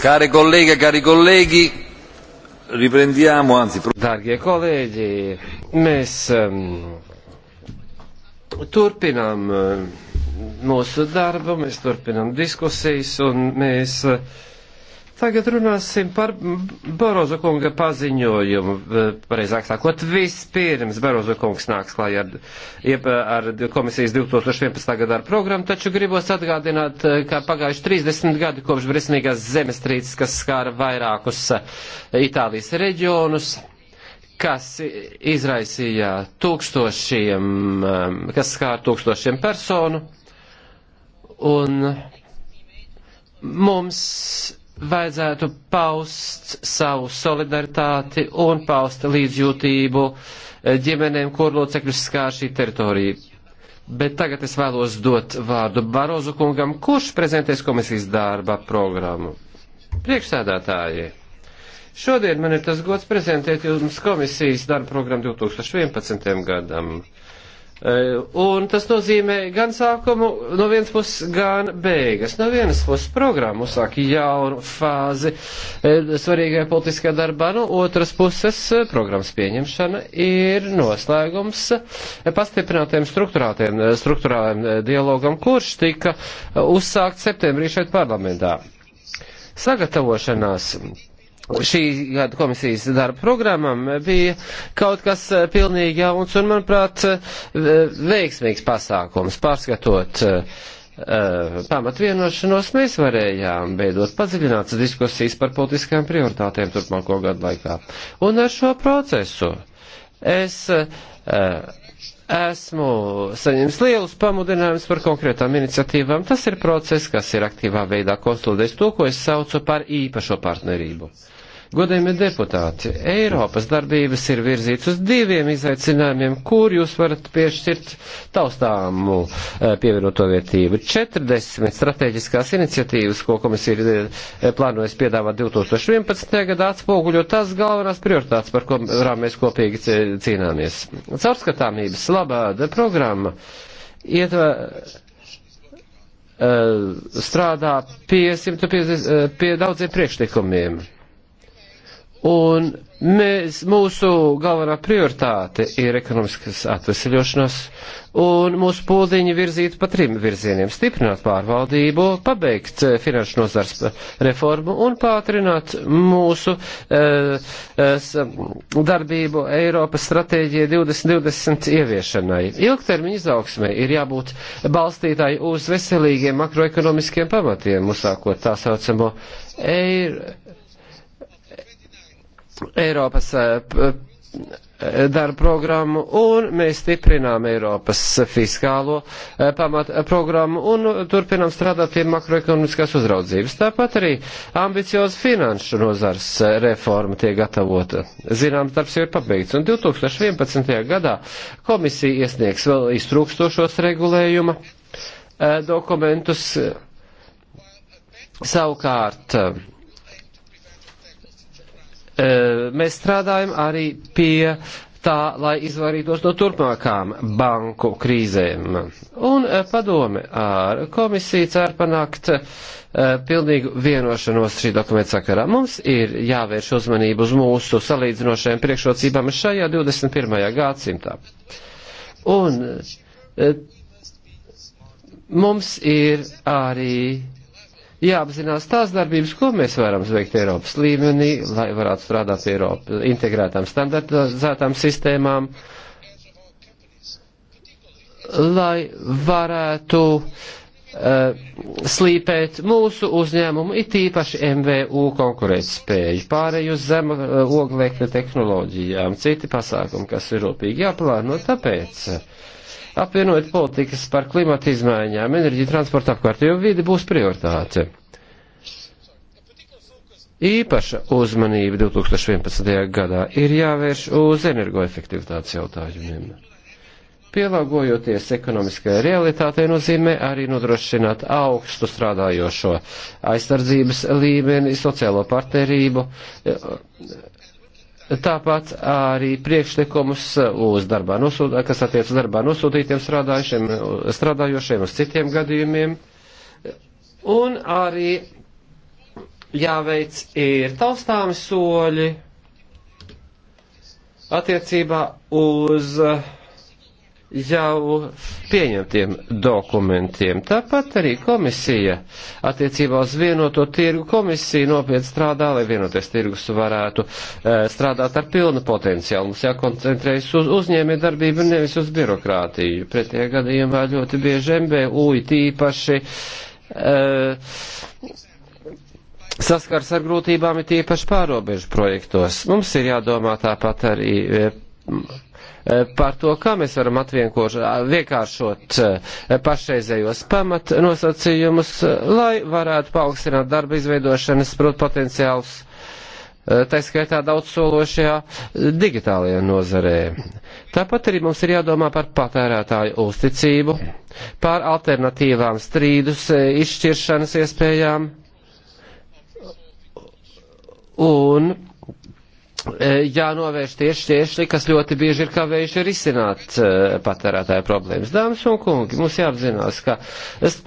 Care colleghe, cari colleghi, riprendiamo, anzi... Dārgie kolēģi, mēs um, turpinām uh, mūsu darbu, mēs turpinām diskusijas un mēs uh, Tagad runāsim par Barozo kunga paziņojumu, eh, pareizāk sakot, vispirms Barozo kungs nāks klājā ar, eh, ar komisijas 2011. gadā ar programmu, taču gribos atgādināt, eh, ka pagājuši 30 gadi kopš briesmīgās zemestrīces, kas skāra vairākus Itālijas reģionus, kas izraisīja tūkstošiem, kas skāra tūkstošiem personu, un mums vajadzētu paust savu solidaritāti un paust līdzjūtību eh, ģimenēm, kur locekļus skār šī teritorija. Bet tagad es vēlos dot vārdu Barozu kungam, kurš prezentēs komisijas darba programmu. Priekšsēdētāji, šodien man ir tas gods prezentēt jums komisijas darba programmu 2011. gadam. Eh, un tas nozīmē gan sākumu no vienas puses, gan beigas. No vienas puses programma uzsāk jaunu fāzi eh, svarīgajā politiskajā darbā, no otras puses eh, programmas pieņemšana ir noslēgums pastiprinātiem struktūrāliem dialogam, kurš tika uzsākt septembrī šeit parlamentā. Sagatavošanās šī gada komisijas darba programmam bija kaut kas eh, pilnīgi jauns un, manuprāt, eh, veiksmīgs pasākums. Pārskatot eh, pamatvienošanos, mēs varējām veidot padziļinātas diskusijas par politiskajām prioritātēm turpmāko gadu laikā. Un ar šo procesu es esmu saņēmis lielus pamudinājumus par konkrētām iniciatīvām. Tas ir process, kas ir aktīvā veidā konsolidējis to, ko es saucu par īpašo partnerību. Uh, Godējumie deputāti, Eiropas darbības ir virzīts uz diviem izaicinājumiem, kur jūs varat piešķirt taustāmu eh, pievienoto vietību. 40 strateģiskās iniciatīvas, ko komisija ir eh, plānojas piedāvāt 2011. gadā, atspoguļo tās galvenās prioritātes, par kurām mēs kopīgi cīnāmies. Caurskatāmības labāda programma ietver eh, strādā pie, 150, pie daudziem priekšlikumiem. Un mēs, mūsu galvenā prioritāte ir ekonomiskas atvesaļošanās, un mūsu pūliņi virzīt pa trim virzieniem - stiprināt pārvaldību, pabeigt eh, finanšu nozars reformu un pātrināt mūsu uh, uh, darbību Eiropas stratēģija 2020 ieviešanai. Ilgtermiņa izaugsmē ir jābūt balstītāji uz veselīgiem makroekonomiskiem pamatiem, uzsākot tā saucamo Eiropas Eiropas eh, eh, darba programmu un mēs stiprinām Eiropas fiskālo eh, pamat programmu un turpinām strādāt pie makroekonomiskās uzraudzības. Tāpat arī ambicioza finanšu nozars reforma tiek gatavota. Zināms, darbs jau ir pabeigts un 2011. gadā komisija iesniegs vēl iztrūkstošos regulējuma dokumentus. Savukārt, E, mēs strādājam arī pie tā, lai izvairītos no turpmākām banku krīzēm. Un e, padome ar komisiju cer panākt e, pilnīgu vienošanos šī dokumenta sakarā. Mums ir jāvērš uzmanību uz mūsu salīdzinošajām priekšrocībām šajā 21. gadsimtā. Un mums ir arī jāapzinās tās darbības, ko mēs varam veikt Eiropas līmenī, lai varētu strādāt pie Eiropas integrētām standartizētām sistēmām, lai varētu uh, slīpēt mūsu uzņēmumu, it īpaši MVU konkurētspēju, pārēju uz zema uh, oglekļa tehnoloģijām, citi pasākumi, kas ir rūpīgi jāplāno, tāpēc uh, apvienojot politikas par klimata izmaiņām, enerģiju, transportu apkārtējo vidi būs prioritāte. Īpaša uzmanība 2011. gadā ir jāvērš uz energoefektivitātes jautājumiem. Pielāgojoties ekonomiskajai realitātei nozīmē arī nodrošināt augstu strādājošo aizsardzības līmeni, sociālo partnerību, tāpat arī priekšlikumus uz darbā nosūtīt, kas attiec uz darbā nosūtītiem strādājušiem, strādājošiem uz citiem gadījumiem. Un arī jāveic ir taustāmi soļi attiecībā uz uh, jau pieņemtiem dokumentiem. Tāpat arī komisija attiecībā uz vienoto tirgu komisija nopietni strādā, lai vienoties tirgus varētu e, strādāt ar pilnu potenciālu. Mums jākoncentrējas uz uzņēmē darbību, nevis uz birokrātiju. Pretie gadījumā ļoti bieži MBU tīpaši. E, eh, saskars ar grūtībām ir tīpaši pārobežu projektos. Mums ir jādomā tāpat arī e, par to, kā mēs varam vienkāršot eh, pašreizējos pamatnosacījumus, lai varētu paaugstināt darba izveidošanas potenciālus, eh, tā skaitā daudzsološajā digitālajā nozarē. Tāpat arī mums ir jādomā par patērētāju uzticību, par alternatīvām strīdus eh, izšķiršanas iespējām un Eh, jānovērš tieši šķēršļi, kas ļoti bieži ir kavējuši risināt eh, patērētāju problēmas. Dāmas un kungi, mums jāapzinās, ka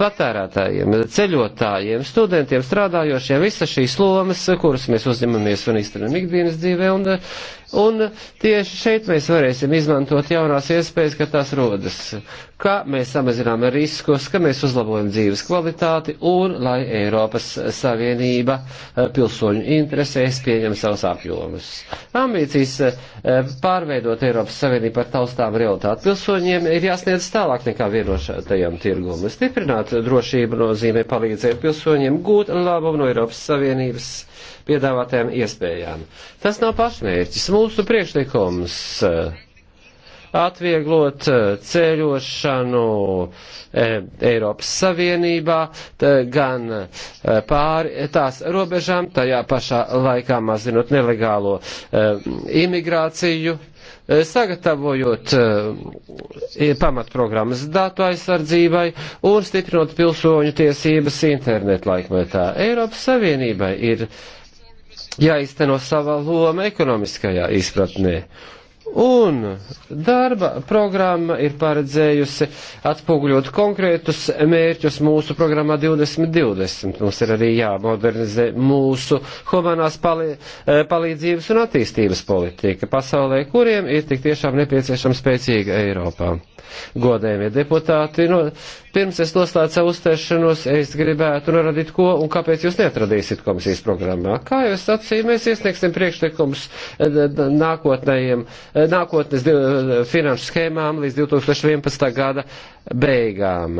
patērētājiem, ceļotājiem, studentiem, strādājošiem visas šīs lomas, kuras mēs uzņemamies un īstenam ikdienas dzīvē, un eh, Un tieši šeit mēs varēsim izmantot jaunās iespējas, ka tās rodas, ka mēs samazinām riskus, ka mēs uzlabojam dzīves kvalitāti un lai Eiropas Savienība eh, pilsoņu interesēs pieņem savus apjomus. Ambīcijas eh, pārveidot Eiropas Savienību par taustām realitāti pilsoņiem ir jāsniedz tālāk nekā vienošajam tirgumam. Stiprināt drošību nozīmē palīdzēt pilsoņiem gūt labumu no Eiropas Savienības piedāvātajām iespējām. Tas nav pašmērķis. Mūsu priekšlikums eh, atvieglot eh, ceļošanu eh, Eiropas Savienībā, gan pāri tās robežām, tajā pašā laikā mazinot nelegālo imigrāciju, sagatavojot pamatprogrammas datu aizsardzībai un stiprinot pilsoņu tiesības internetu laikmetā. Eiropas Savienībai ir jāizteno sava loma ekonomiskajā izpratnē. Un darba programma ir paredzējusi atspoguļot konkrētus mērķus mūsu programmā 2020. Mums ir arī jāmodernizē mūsu humanās pali eh, palīdzības un attīstības politika pasaulē, kuriem ir tik tiešām nepieciešama spēcīga Eiropā godējumie deputāti. Nu, pirms es noslēdzu savu uzstāšanos, es gribētu norādīt, ko un kāpēc jūs netradīsiet komisijas programmā. Kā jau es sacīju, mēs iesniegsim priekšlikumus eh, nākotnējiem, eh, nākotnes finanšu schēmām līdz 2011. gada beigām.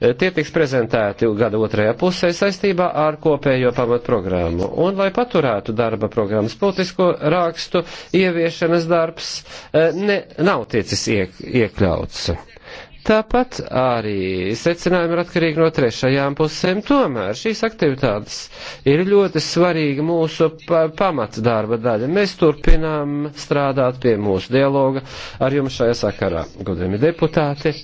Eh, tie tiks prezentēti gada otrajā pusē saistībā ar kopējo pamatprogrammu. Un, lai paturētu darba programmas politisko rakstu, ieviešanas darbs ne, nav ticis iek, iekļauts. Tāpat arī secinājumi ir atkarīgi no trešajām pusēm. Tomēr šīs aktivitātes ir ļoti svarīga mūsu pa pamatdarba daļa. Mēs turpinām strādāt pie mūsu dialoga ar jums šajā sakarā. Godējumi deputāti,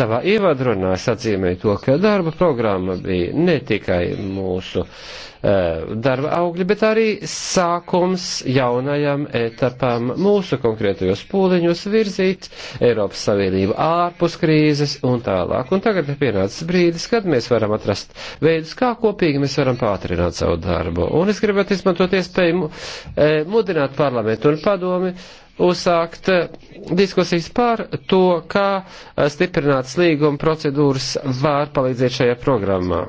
savā ievadrunā es atzīmēju to, ka darba programma bija ne tikai mūsu uh, Eh, darba augļi, bet arī sākums jaunajam etapam mūsu konkrētajos pūliņos virzīt Eiropas Savienību ārpus krīzes un tālāk. Un tagad ir pienācis brīdis, kad mēs varam atrast veidus, kā kopīgi mēs varam pātrināt savu darbu. Un es gribētu izmantot iespēju eh, mudināt parlamentu un padomi uzsākt eh, diskusijas par to, kā stiprināts līguma procedūras var palīdzēt šajā programmā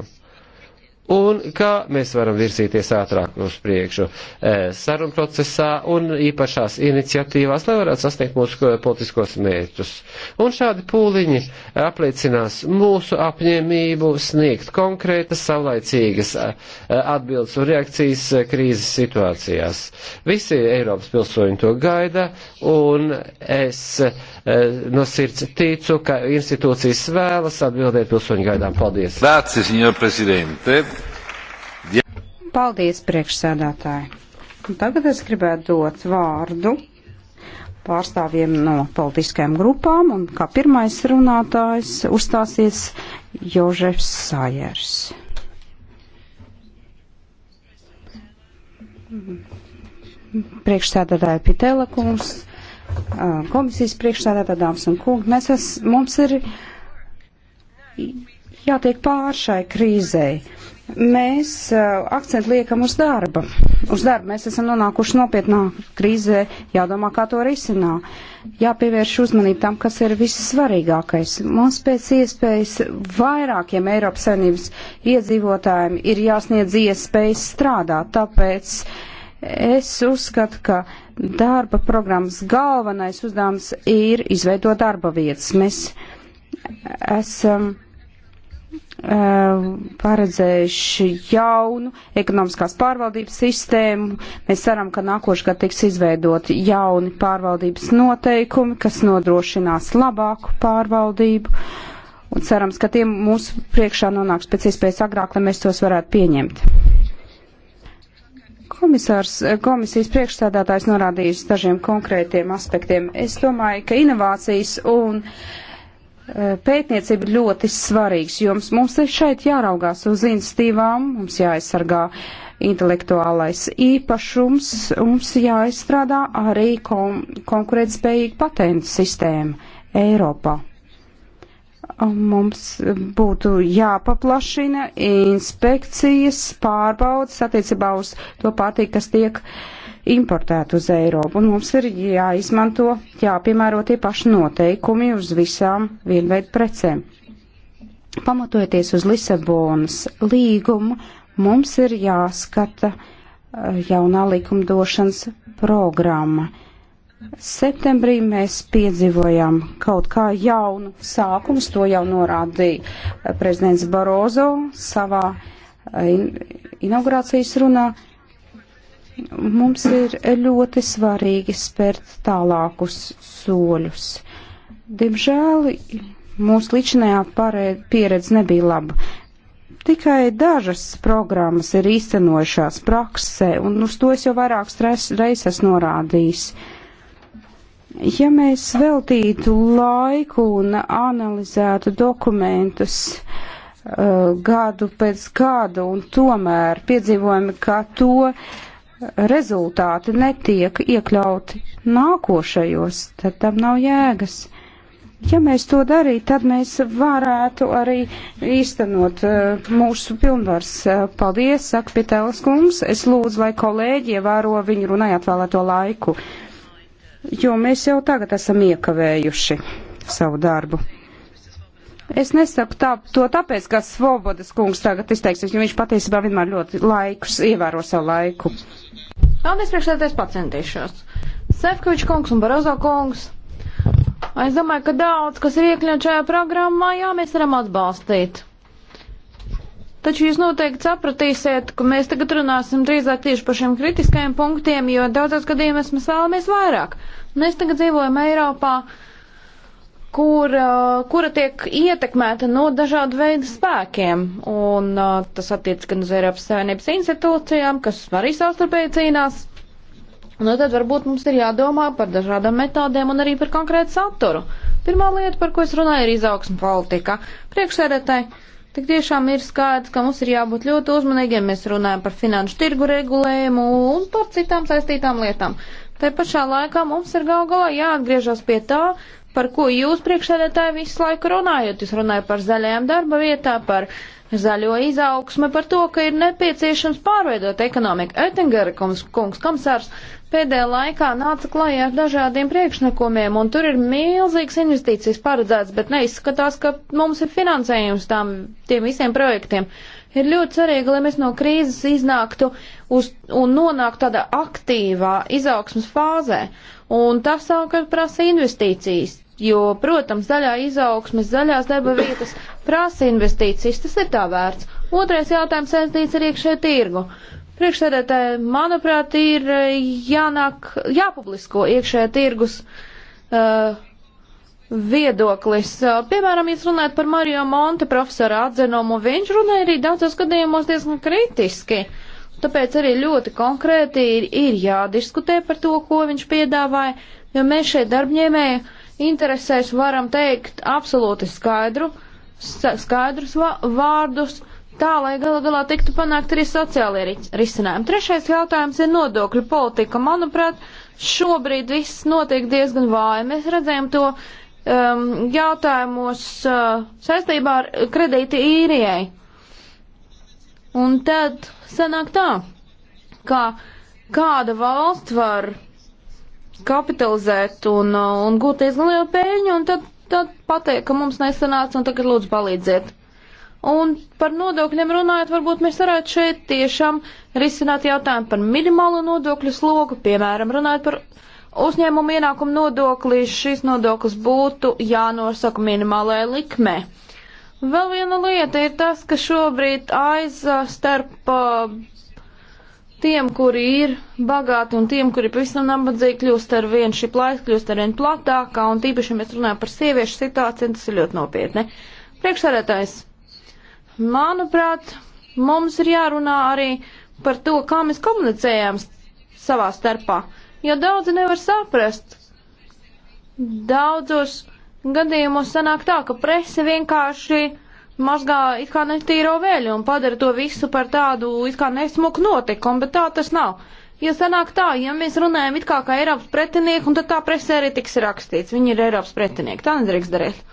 un kā mēs varam virzīties ātrāk uz priekšu eh, sarunu procesā un īpašās iniciatīvās, lai varētu sasniegt mūsu politiskos mērķus. Un šādi pūliņi apliecinās mūsu apņēmību sniegt konkrētas, savlaicīgas eh, atbildes un reakcijas eh, krīzes situācijās. Visi Eiropas pilsoņi to gaida, un es Eh, no sirds ticu, ka institūcijas vēlas atbildēt pilsoņu gaidām. Paldies! Vācis, Paldies, priekšsēdētāji! Tagad es gribētu dot vārdu pārstāvjiem no politiskajām grupām, un kā pirmais runātājs uzstāsies Jožefs Sājers. Priekšsēdētāja Pitela kungs, komisijas priekšstādātā dāmas un kungi, mēs es, mums ir jātiek pār šai krīzei. Mēs uh, akcentu liekam uz darba. Uz darbu mēs esam nonākuši nopietnā krīzē, jādomā, kā to risinā. Jāpievērš uzmanību tam, kas ir vissvarīgākais. Mums pēc iespējas vairākiem Eiropas Savienības iedzīvotājiem ir jāsniedz iespējas strādāt, tāpēc uh, Es uzskatu, ka darba programmas galvenais uzdevums ir izveidot darba vietas. Mēs esam uh, paredzējuši jaunu ekonomiskās pārvaldības sistēmu. Mēs ceram, ka nākošgad tiks izveidot jauni pārvaldības noteikumi, kas nodrošinās labāku pārvaldību. Un cerams, ka tie mūsu priekšā nonāks pēc iespējas agrāk, lai mēs tos varētu pieņemt. Komisārs, eh, komisijas priekšstādātājs norādījis dažiem konkrētiem aspektiem. Es domāju, ka inovācijas un eh, pētniecība ļoti svarīgs, jo mums, mums ir šeit jāraugās uz institīvām, mums jāaizsargā intelektuālais īpašums, mums jāizstrādā arī kon konkurētspējīga patentu sistēma Eiropā. Mums būtu jāpaplašina inspekcijas pārbaudas attiecībā uz to pārtīku, kas tiek importēta uz Eiropu. Un mums ir jāizmanto, jāpiemēro tie paši noteikumi uz visām vienveidu precēm. Pamatojoties uz Lisabonas līgumu, mums ir jāskata uh, jaunā likumdošanas programma Septembrī mēs piedzīvojām kaut kā jaunu sākumu, to jau norādīja eh, prezidents Barozo savā eh, inaugurācijas runā. Mums ir ļoti svarīgi spērt tālākus soļus. Diemžēl mūsu līdzinājā pieredze nebija laba. Tikai dažas programmas ir īstenojušās praksē, un uz to es jau vairākas reizes esmu norādījis. Uh, Ja mēs veltītu laiku un analizētu dokumentus uh, gadu pēc gada un tomēr piedzīvojam, ka to rezultāti netiek iekļauti nākošajos, tad tam nav jēgas. Ja mēs to darītu, tad mēs varētu arī īstenot uh, mūsu pilnvars. Uh, paldies, saka Pitēlis kungs. Es lūdzu, lai kolēģi ievēro viņu runājot vēlēto laiku. Uh, jo mēs jau tagad esam iekavējuši savu darbu. Es nesaku tā, to tāpēc, ka Svobodas kungs tagad izteiksies, jo viņš patiesībā vienmēr ļoti laikus ievēro savu laiku. Paldies, priekšsēdētājs, pacientīšos. Sefkovičs kungs un Barozo kungs. Es domāju, ka daudz, kas ir iekļauts šajā programmā, jā, mēs varam atbalstīt. Taču jūs noteikti sapratīsiet, ka mēs tagad runāsim drīzāk tieši par šiem kritiskajiem punktiem, jo daudzos gadījumos mēs vēlamies vairāk. Mēs tagad dzīvojam Eiropā, kur, uh, kura tiek ietekmēta no dažādu veidu spēkiem. Un uh, tas attiec gan uz Eiropas Savienības institūcijām, kas arī savstarpēji cīnās. Nu, tad varbūt mums ir jādomā par dažādām metodēm un arī par konkrētu saturu. Pirmā lieta, par ko es runāju, ir izaugsmu politika. Priekšsēdētāji, Tik tiešām ir skaidrs, ka mums ir jābūt ļoti uzmanīgiem. Mēs runājam par finanšu tirgu regulējumu un par citām saistītām lietām. Te pašā laikā mums ir gal galā jāatgriežas pie tā, par ko jūs priekšsēdētāji visu laiku runājat. Jūs runājat par zaļajām darba vietā, par zaļo izaugsmi, par to, ka ir nepieciešams pārveidot ekonomiku. Ettingera kungs, kungs komisārs, pēdējā laikā nāca klajā ar dažādiem priekšnakumiem, un tur ir milzīgas investīcijas paredzētas, bet neizskatās, ka mums ir finansējums tām, tiem visiem projektiem. Ir ļoti svarīgi, lai mēs no krīzes iznāktu uz, un nonāktu tādā aktīvā izaugsmas fāzē, un tas savukārt prasa investīcijas, jo, protams, zaļā izaugsmas, zaļās darba vietas prasa investīcijas, tas ir tā vērts. Otrais jautājums saistīts ar iekšējo tirgu. Priekšsēdētāji, manuprāt, ir eh, jānāk, jāpublisko iekšējā tirgus uh, viedoklis. Eh, piemēram, jūs runājat par Mario Monte profesoru atzinumu, viņš runāja arī daudzos gadījumos diezgan kritiski. Tāpēc arī ļoti konkrēti ir, ir jādiskutē par to, ko viņš piedāvāja, jo mēs šeit darbņēmēju interesēs varam teikt absolūti skaidru, skaidrus vārdus. Uh, tā, lai gala galā tiktu panākt arī sociālie risinājumi. Trešais jautājums ir nodokļu politika. Manuprāt, šobrīd viss notiek diezgan vāji. Mēs redzējām to um, jautājumos uh, saistībā ar kredīti īrijai. Un tad sanāk tā, ka kāda valsts var kapitalizēt un, uh, un gūt diezgan lielu pēļņu, un tad, tad pateikt, ka mums nesanāca, un tagad lūdzu palīdziet. Un par nodokļiem runājot, varbūt mēs varētu šeit tiešām risināt jautājumu par minimālo nodokļu slogu, piemēram, runājot par uzņēmumu ienākumu nodokli, šis nodoklis būtu jānosaka minimālajā likmē. Vēl viena lieta ir tas, ka šobrīd aiza starp tiem, kuri ir bagāti un tiem, kuri pavisam nabadzīgi kļūst ar vien šī plaisa, kļūst ar vien platākā, un tīpaši, ja mēs runājam par sieviešu situāciju, tas ir ļoti nopietni. Priekšsēdētājs. Manuprāt, mums ir jārunā arī par to, kā mēs komunicējam savā starpā, jo daudzi nevar saprast. Daudzos gadījumos sanāk tā, ka prese vienkārši mazgā it kā netīro vēļu un padara to visu par tādu it kā nesmuku notikumu, bet tā tas nav. Ja sanāk tā, ja mēs runājam it kā kā Eiropas pretinieki, un tad tā presē arī tiks rakstīts, viņi ir Eiropas pretinieki, tā nedrīkst darīt.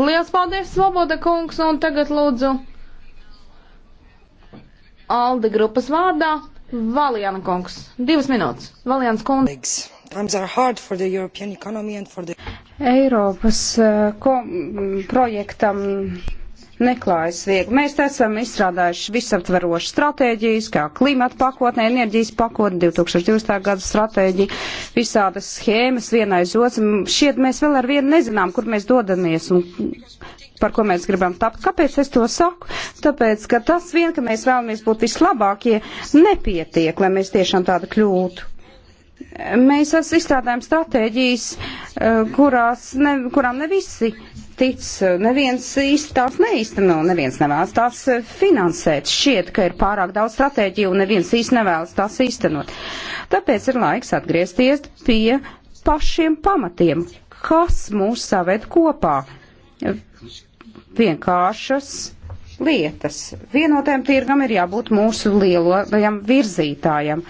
Lielas paldies, Svoboda kungs, un tagad lūdzu Alde grupas vārdā Valjana kungs. Divas minūtes. Valjans kungs. The... Eiropas eh, kom, projektam neklājas viegli. Mēs esam izstrādājuši visaptverošu stratēģijas, kā klimata pakotne, enerģijas pakotne, 2020. gada stratēģija, visādas schēmas vienai uz otru. Šiet mēs vēl ar vienu nezinām, kur mēs dodamies un par ko mēs gribam tapt. Kāpēc es to saku? Tāpēc, ka tas vien, ka mēs vēlamies būt vislabākie, nepietiek, lai mēs tiešām tādu kļūtu. Mēs izstrādājam stratēģijas, eh, kurās ne, kurām ne visi tic, neviens īsti tās neīsteno, neviens nevēlas tās eh, finansēt. Šķiet, ka ir pārāk daudz stratēģiju un neviens īsti nevēlas tās īstenot. Tāpēc ir laiks atgriezties pie pašiem pamatiem, kas mūs saved kopā vienkāršas lietas. Vienotajam tirgam ir jābūt mūsu lielajam virzītājam.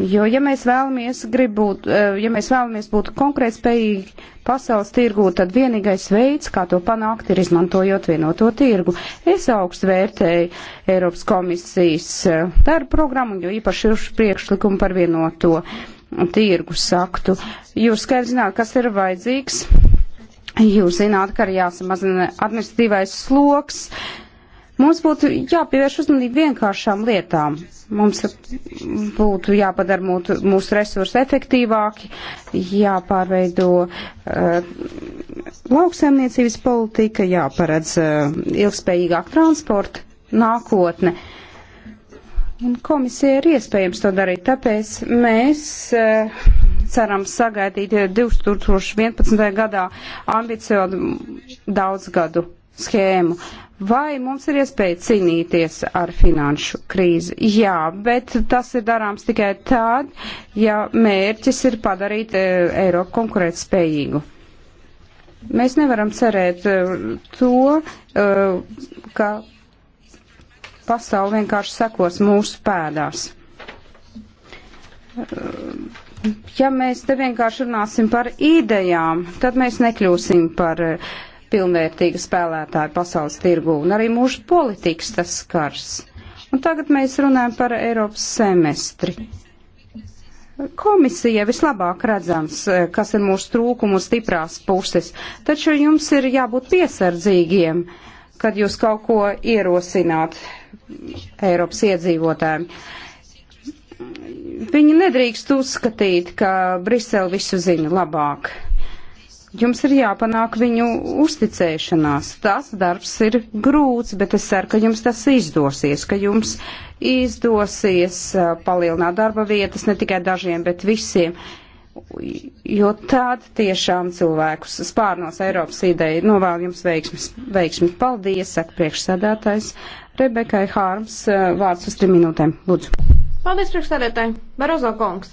Jo, ja mēs vēlamies, būt, eh, ja mēs vēlamies būt konkrēt spējīgi pasaules tirgū, tad vienīgais veids, kā to panākt, ir izmantojot vienoto tirgu. Es augstu vērtēju Eiropas komisijas eh, darbu programmu, jo īpaši ir priekšlikumu par vienoto tirgu saktu. Jūs skaidri zināt, kas ir vajadzīgs Jūs zināt, ka arī jāsamazina administratīvais sloks. Mums būtu jāpievērš uzmanība vienkāršām lietām. Mums būtu jāpadara mūtu, mūsu resursi efektīvāki, jāpārveido uh, lauksaimniecības politika, jāparedz uh, ilgspējīgāk transporta nākotne. Un komisija ir iespējams to darīt, tāpēc mēs. Uh, cerams sagaidīt 2011. gadā ambiciozu daudzgadu schēmu. Vai mums ir iespēja cīnīties ar finanšu krīzi? Jā, bet tas ir darāms tikai tād, ja mērķis ir padarīt e, Eiropu konkurētspējīgu. Mēs nevaram cerēt e, to, e, ka pasauli vienkārši sekos mūsu pēdās ja mēs te vienkārši runāsim par idejām, tad mēs nekļūsim par eh, pilnvērtīgu spēlētāju pasaules tirgu, un arī mūsu politikas tas skars. Un tagad mēs runājam par Eiropas semestri. Komisija vislabāk redzams, eh, kas ir mūsu trūkumu stiprās puses, taču jums ir jābūt piesardzīgiem, kad jūs kaut ko ierosināt Eiropas iedzīvotājiem viņi nedrīkst uzskatīt, ka Brisele visu zina labāk. Jums ir jāpanāk viņu uzticēšanās. Tas darbs ir grūts, bet es ceru, ka jums tas izdosies, ka jums izdosies uh, palielināt darba vietas ne tikai dažiem, bet visiem. Jo tāda tiešām cilvēkus spārnos Eiropas ideja novēl jums veiksmes. veiksmes. Paldies, saka priekšsēdētājs Rebekai Hārms, uh, vārds uz trim minūtēm. Lūdzu. Paldies, priekšstādētāji! Barozo kungs!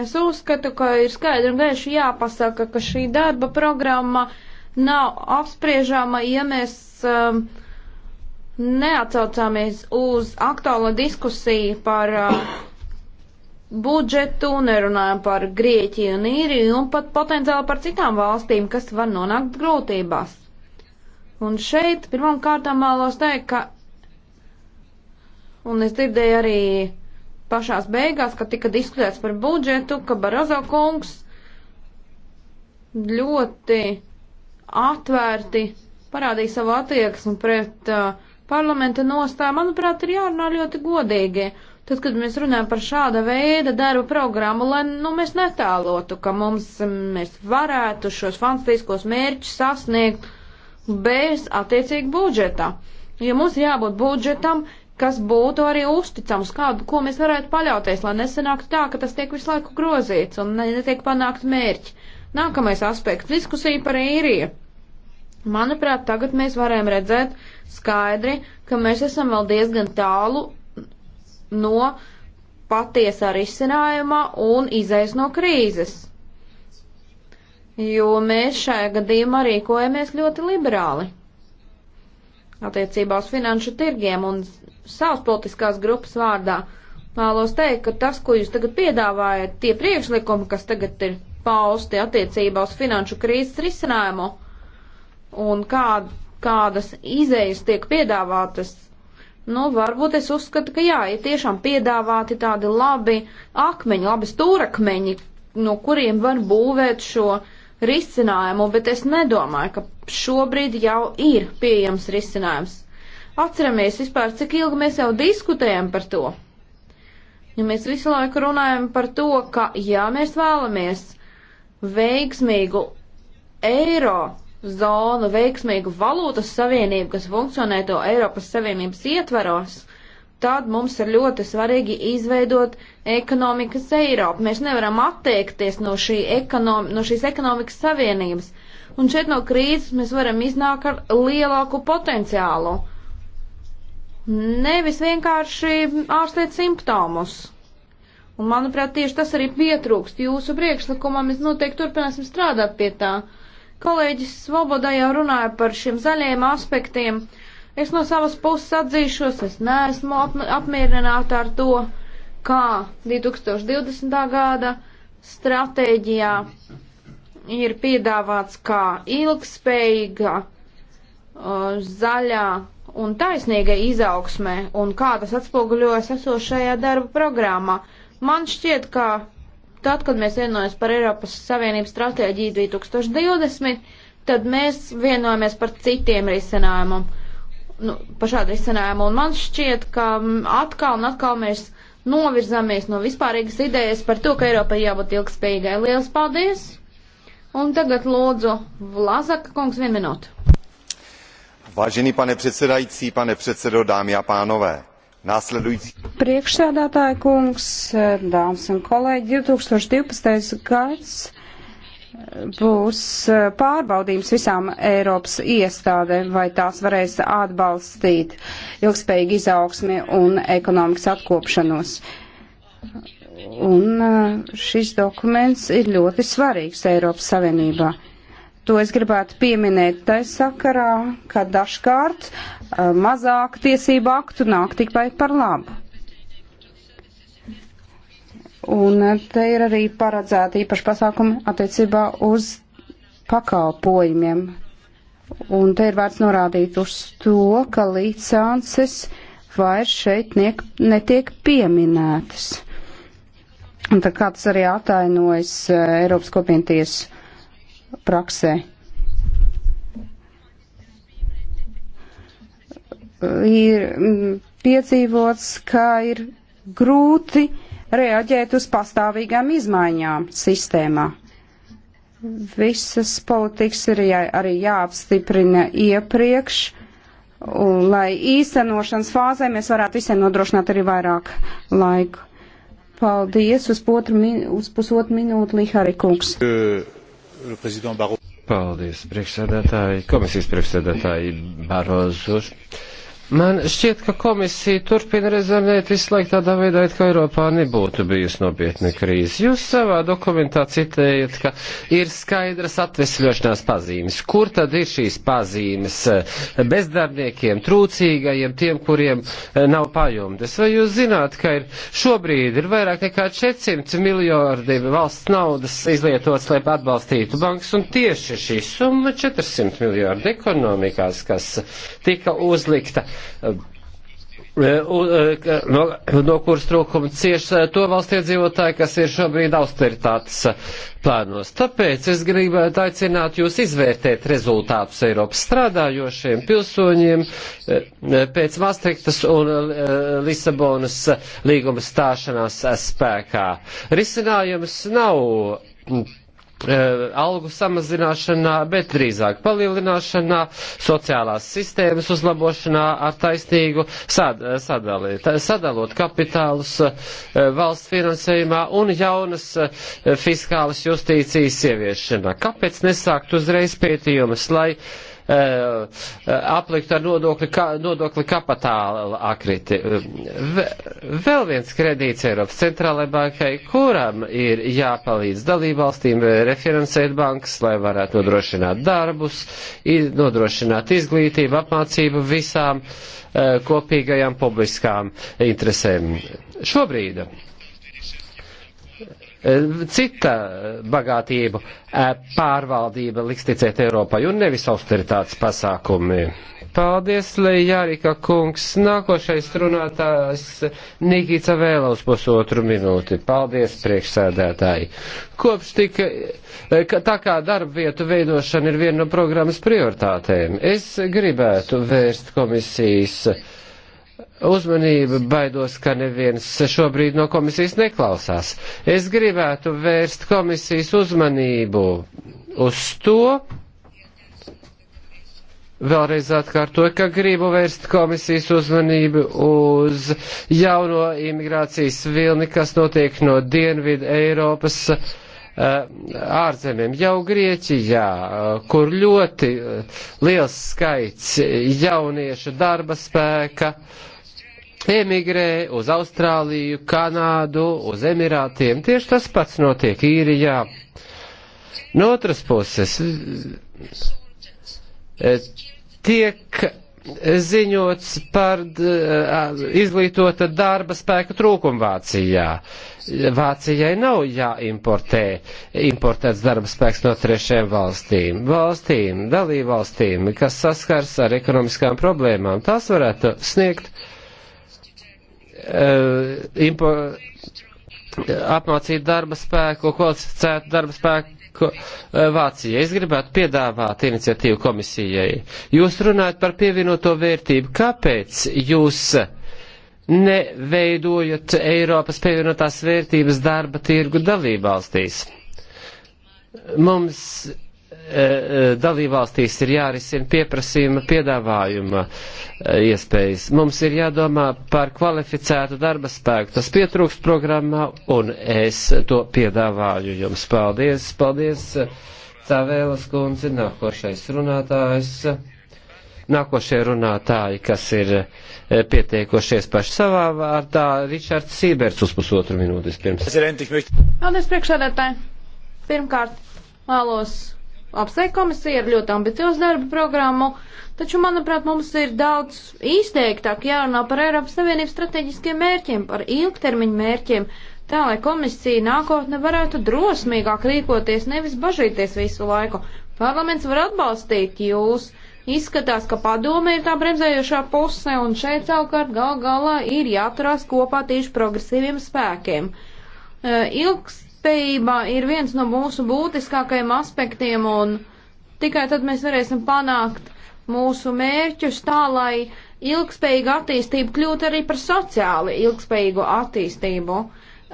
Es uzskatu, ka ir skaidri un gaiši jāpasaka, ka šī darba programma nav apspriežama, ja mēs um, neatsaucāmies uz aktuālo diskusiju par uh, budžetu, nerunājam par Grieķiju un Īriju un pat potenciāli par citām valstīm, kas var nonākt grūtībās. Un šeit pirmām kārtām vēlos teikt, ka un es dzirdēju arī pašās beigās, kad tika diskutēts par budžetu, ka Barazo kungs ļoti atvērti parādīja savu attieksmi pret uh, parlamenta nostāju. Manuprāt, ir jārunā ļoti godīgi. Tad, kad mēs runājam par šāda veida darba programmu, lai nu, mēs netālotu, ka mums, mm, mēs varētu šos fantastiskos mērķus sasniegt bez attiecīga budžeta. Ja mums jābūt budžetam, kas būtu arī uzticams, kādu, ko mēs varētu paļauties, lai nesanāktu tā, ka tas tiek visu laiku grozīts un netiek panākt mērķi. Nākamais aspekts - diskusija par īriju. Manuprāt, tagad mēs varējām redzēt skaidri, ka mēs esam vēl diezgan tālu no patiesā risinājuma un izējas no krīzes. Jo mēs šajā gadījumā rīkojamies ļoti liberāli attiecībā uz finanšu tirgiem un savas politiskās grupas vārdā vēlos teikt, ka tas, ko jūs tagad piedāvājat, tie priekšlikumi, kas tagad ir pausti attiecībā uz finanšu krīzes risinājumu un kā, kādas izējas tiek piedāvātas, nu, varbūt es uzskatu, ka jā, ir tiešām piedāvāti tādi labi akmeņi, labi stūrakmeņi, no kuriem var būvēt šo risinājumu, bet es nedomāju, ka šobrīd jau ir pieejams risinājums. Atceramies vispār, cik ilgi mēs jau diskutējam par to. Ja mēs visu laiku runājam par to, ka ja mēs vēlamies veiksmīgu eiro zonu, veiksmīgu valūtas savienību, kas funkcionē to Eiropas Savienības ietveros, tad mums ir ļoti svarīgi izveidot ekonomikas Eiropu. Mēs nevaram atteikties no, šī ekonom no šīs ekonomikas savienības. Un šeit no krīzes mēs varam iznākt ar lielāku potenciālu nevis vienkārši ārstēt simptomus. Un, manuprāt, tieši tas arī pietrūkst jūsu priekšlikumam. Mēs noteikti turpināsim strādāt pie tā. Kolēģis Svobodā jau runāja par šiem zaļajiem aspektiem. Es no savas puses atzīšos, es neesmu ap apmierināta ar to, kā 2020. gada stratēģijā ir piedāvāts kā ilgspējīga uh, zaļā un taisnīgai izaugsmē un kā tas atspoguļojas esošajā darba programmā. Man šķiet, ka tad, kad mēs vienojamies par Eiropas Savienības stratēģiju 2020, tad mēs vienojamies par citiem risinājumam, nu, par šādu risinājumu. Un man šķiet, ka mm, atkal un atkal mēs novirzāmies no vispārīgas idejas par to, ka Eiropa jābūt ilgspējīgai. Lielas paldies! Un tagad lūdzu Vlazaka kungs vienu minūtu. Vážený pane předsedající, pane předsedo, dámy a pánové, následující. Priekšsēdētāja kungs, dāmas un kolēģi, 2012. gads būs pārbaudījums visām Eiropas iestādēm, vai tās varēs atbalstīt ilgspējīgu izaugsmi un ekonomikas atkopšanos. Un eh, šis dokuments ir ļoti svarīgs Eiropas Savienībā. To es gribētu pieminēt tai sakarā, ka dažkārt uh, mazāk tiesību aktu nāk tikai par labu. Un uh, te ir arī paredzēti īpaši pasākumi attiecībā uz pakalpojumiem. Un te ir vērts norādīt uz to, ka licences vairs šeit niek, netiek pieminētas. Un tā kā tas arī atainojas uh, Eiropas kopienties praksē. Ir mm, piedzīvots, ka ir grūti reaģēt uz pastāvīgām izmaiņām sistēmā. Visas politikas ir jā, arī jāapstiprina iepriekš, un, lai īstenošanas fāzē mēs varētu visiem nodrošināt arī vairāk laiku. Paldies, uz, potru, uz pusotru minūti, Lihari kungs. Uh le président Barroso. Paldies, priekšsēdētāji, komisijas priekšsēdētāji Barozo. Man šķiet, ka komisija turpina rezonēt visu laiku tādā veidā, it kā Eiropā nebūtu bijusi nopietna krīze. Jūs savā dokumentā citējat, ka ir skaidras atvesļošanās pazīmes. Kur tad ir šīs pazīmes bezdarbniekiem, trūcīgajiem, tiem, kuriem eh, nav pajumtes? Vai jūs zināt, ka ir šobrīd ir vairāk nekā 400 miljardi valsts naudas izlietots, lai atbalstītu bankas, un tieši šī summa 400 miljardi ekonomikās, kas tika uzlikta no, no kuras trūkuma cieš eh, to valsts iedzīvotāji, kas ir šobrīd austeritātes eh, plānos. Tāpēc es gribētu aicināt jūs izvērtēt rezultātus Eiropas strādājošiem pilsoņiem eh, pēc Maastrichtas un Lisabonas līguma stāšanās spēkā. Risinājums nav mm, Eh, algu samazināšanā, bet drīzāk palielināšanā, sociālās sistēmas uzlabošanā ar taisnīgu sad, eh, sadali, sadalot kapitālus eh, valsts finansējumā un jaunas fiskālas justīcijas ieviešanā. Kāpēc nesākt uzreiz pētījumus, lai uh, Eh, eh, aplikt ar nodokli, ka, nodokli kapitāla akriti. Vēl viens kredīts Eiropas centrālajai bankai, kuram ir jāpalīdz dalībvalstīm refinansēt bankas, lai varētu nodrošināt darbus, nodrošināt izglītību, apmācību visām eh, kopīgajām publiskām interesēm. Šobrīd Eh, cita bagātību eh, pārvaldība liks ticēt Eiropai un nevis austeritātes pasākumi. Paldies, Jārika kungs. Nākošais runātājs Nikita Vēlaus pusotru minūti. Paldies, priekšsēdētāji. Kopš tika, eh, tā kā darba vietu veidošana ir viena no programmas prioritātēm, es gribētu vērst komisijas uzmanību, baidos, ka neviens šobrīd no komisijas neklausās. Es gribētu vērst komisijas uzmanību uz to, Vēlreiz atkārtoju, ka gribu vērst komisijas uzmanību uz jauno imigrācijas vilni, kas notiek no Dienvidu Eiropas uh, ārzemēm, jau Grieķijā, eh, kur ļoti eh, liels skaits jauniešu darba spēka uh, emigrē uz Austrāliju, Kanādu, uz Emirātiem. Tieši tas pats notiek īrijā. No otras puses, tiek ziņots par izglītota darba spēka trūkumu Vācijā. Vācijai nav jāimportē importēts darba spēks no trešajām valstīm, valstīm, dalībvalstīm, kas saskars ar ekonomiskām problēmām. Tas varētu sniegt uh, Eh, impo, eh, apmācīt darba spēku, kvalificētu darba spēku eh, Vācijai. Es gribētu piedāvāt iniciatīvu komisijai. Jūs runājat par pievienoto vērtību. Kāpēc jūs neveidojat Eiropas pievienotās vērtības darba tirgu dalībvalstīs? Mums E, e, dalībvalstīs ir jārisina pieprasījuma piedāvājuma e, iespējas. Mums ir jādomā par kvalificētu darba spēku. Tas pietrūkst programmā, un es to piedāvāju jums. Paldies, paldies, Tavēlas kundze, nākošais runātājs. Nākošie runātāji, kas ir pieteikošies paši savā vārdā, Ričards Sīberts uz pusotru minūtes pirms. Paldies, priekšsēdētāji. Pirmkārt, vēlos apsveic komisiju ar ļoti ambiciozu darba programmu, taču, manuprāt, mums ir daudz izteiktāk jārunā par Eiropas Savienības strateģiskiem mērķiem, par ilgtermiņu mērķiem, tā lai komisija nākotne varētu drosmīgāk rīkoties, nevis bažīties visu laiku. Parlaments var atbalstīt jūs. Izskatās, ka padome ir tā bremzējošā puse, un šeit savukārt gal galā ir jāturās kopā tieši progresīviem spēkiem. Eh, ilgs Ilgtspējība ir viens no mūsu būtiskākajiem aspektiem, un tikai tad mēs varēsim panākt mūsu mērķus tā, lai ilgspējīga attīstība kļūtu arī par sociāli ilgspējīgu attīstību.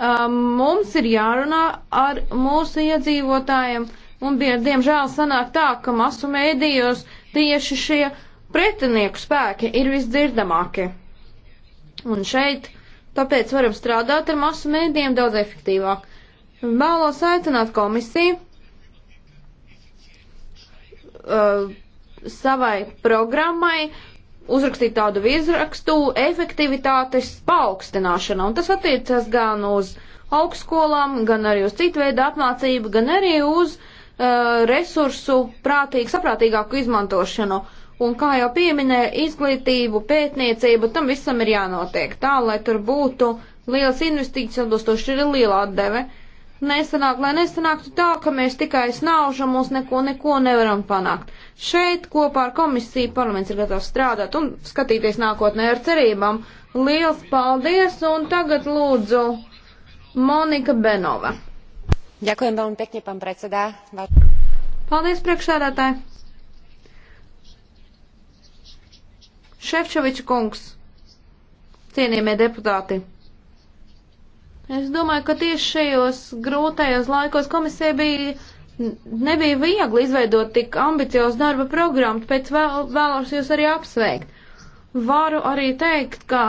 Um, mums ir jārunā ar mūsu iedzīvotājiem, un, diemžēl, sanāk tā, ka masu mēdījos tieši šie pretinieku spēki ir visdzirdamākie. Un šeit tāpēc varam strādāt ar masu mēdījiem daudz efektīvāk. Vēlos aicināt komisiju uh, savai programmai uzrakstīt tādu viesrakstu efektivitātes paaugstināšana, un tas attiecas gan uz augstskolām, gan arī uz citu veidu apmācību, gan arī uz uh, resursu prātīgu, saprātīgāku izmantošanu. Un kā jau pieminēja, izglītību, pētniecību, tam visam ir jānotiek tā, lai tur būtu liels investīcijas, atbilstoši ir liela atdeve. Uh, nesanāk, lai nesanāktu tā, ka mēs tikai snaužam, mums neko, neko nevaram panākt. Šeit kopā ar komisiju parlaments ir gatavs strādāt un skatīties nākotnē ar cerībām. Liels paldies un tagad lūdzu Monika Benova. Ďakujem veľmi pekne, pán predsedā. Paldies, priekšsēdētāji. Šefčoviča kungs, cienījamie deputāti. Es domāju, ka tieši šajos grūtajos laikos komisija bija, nebija viegli izveidot tik ambiciozu darba programmu, pēc vēl, vēlos jūs arī apsveikt. Varu arī teikt, ka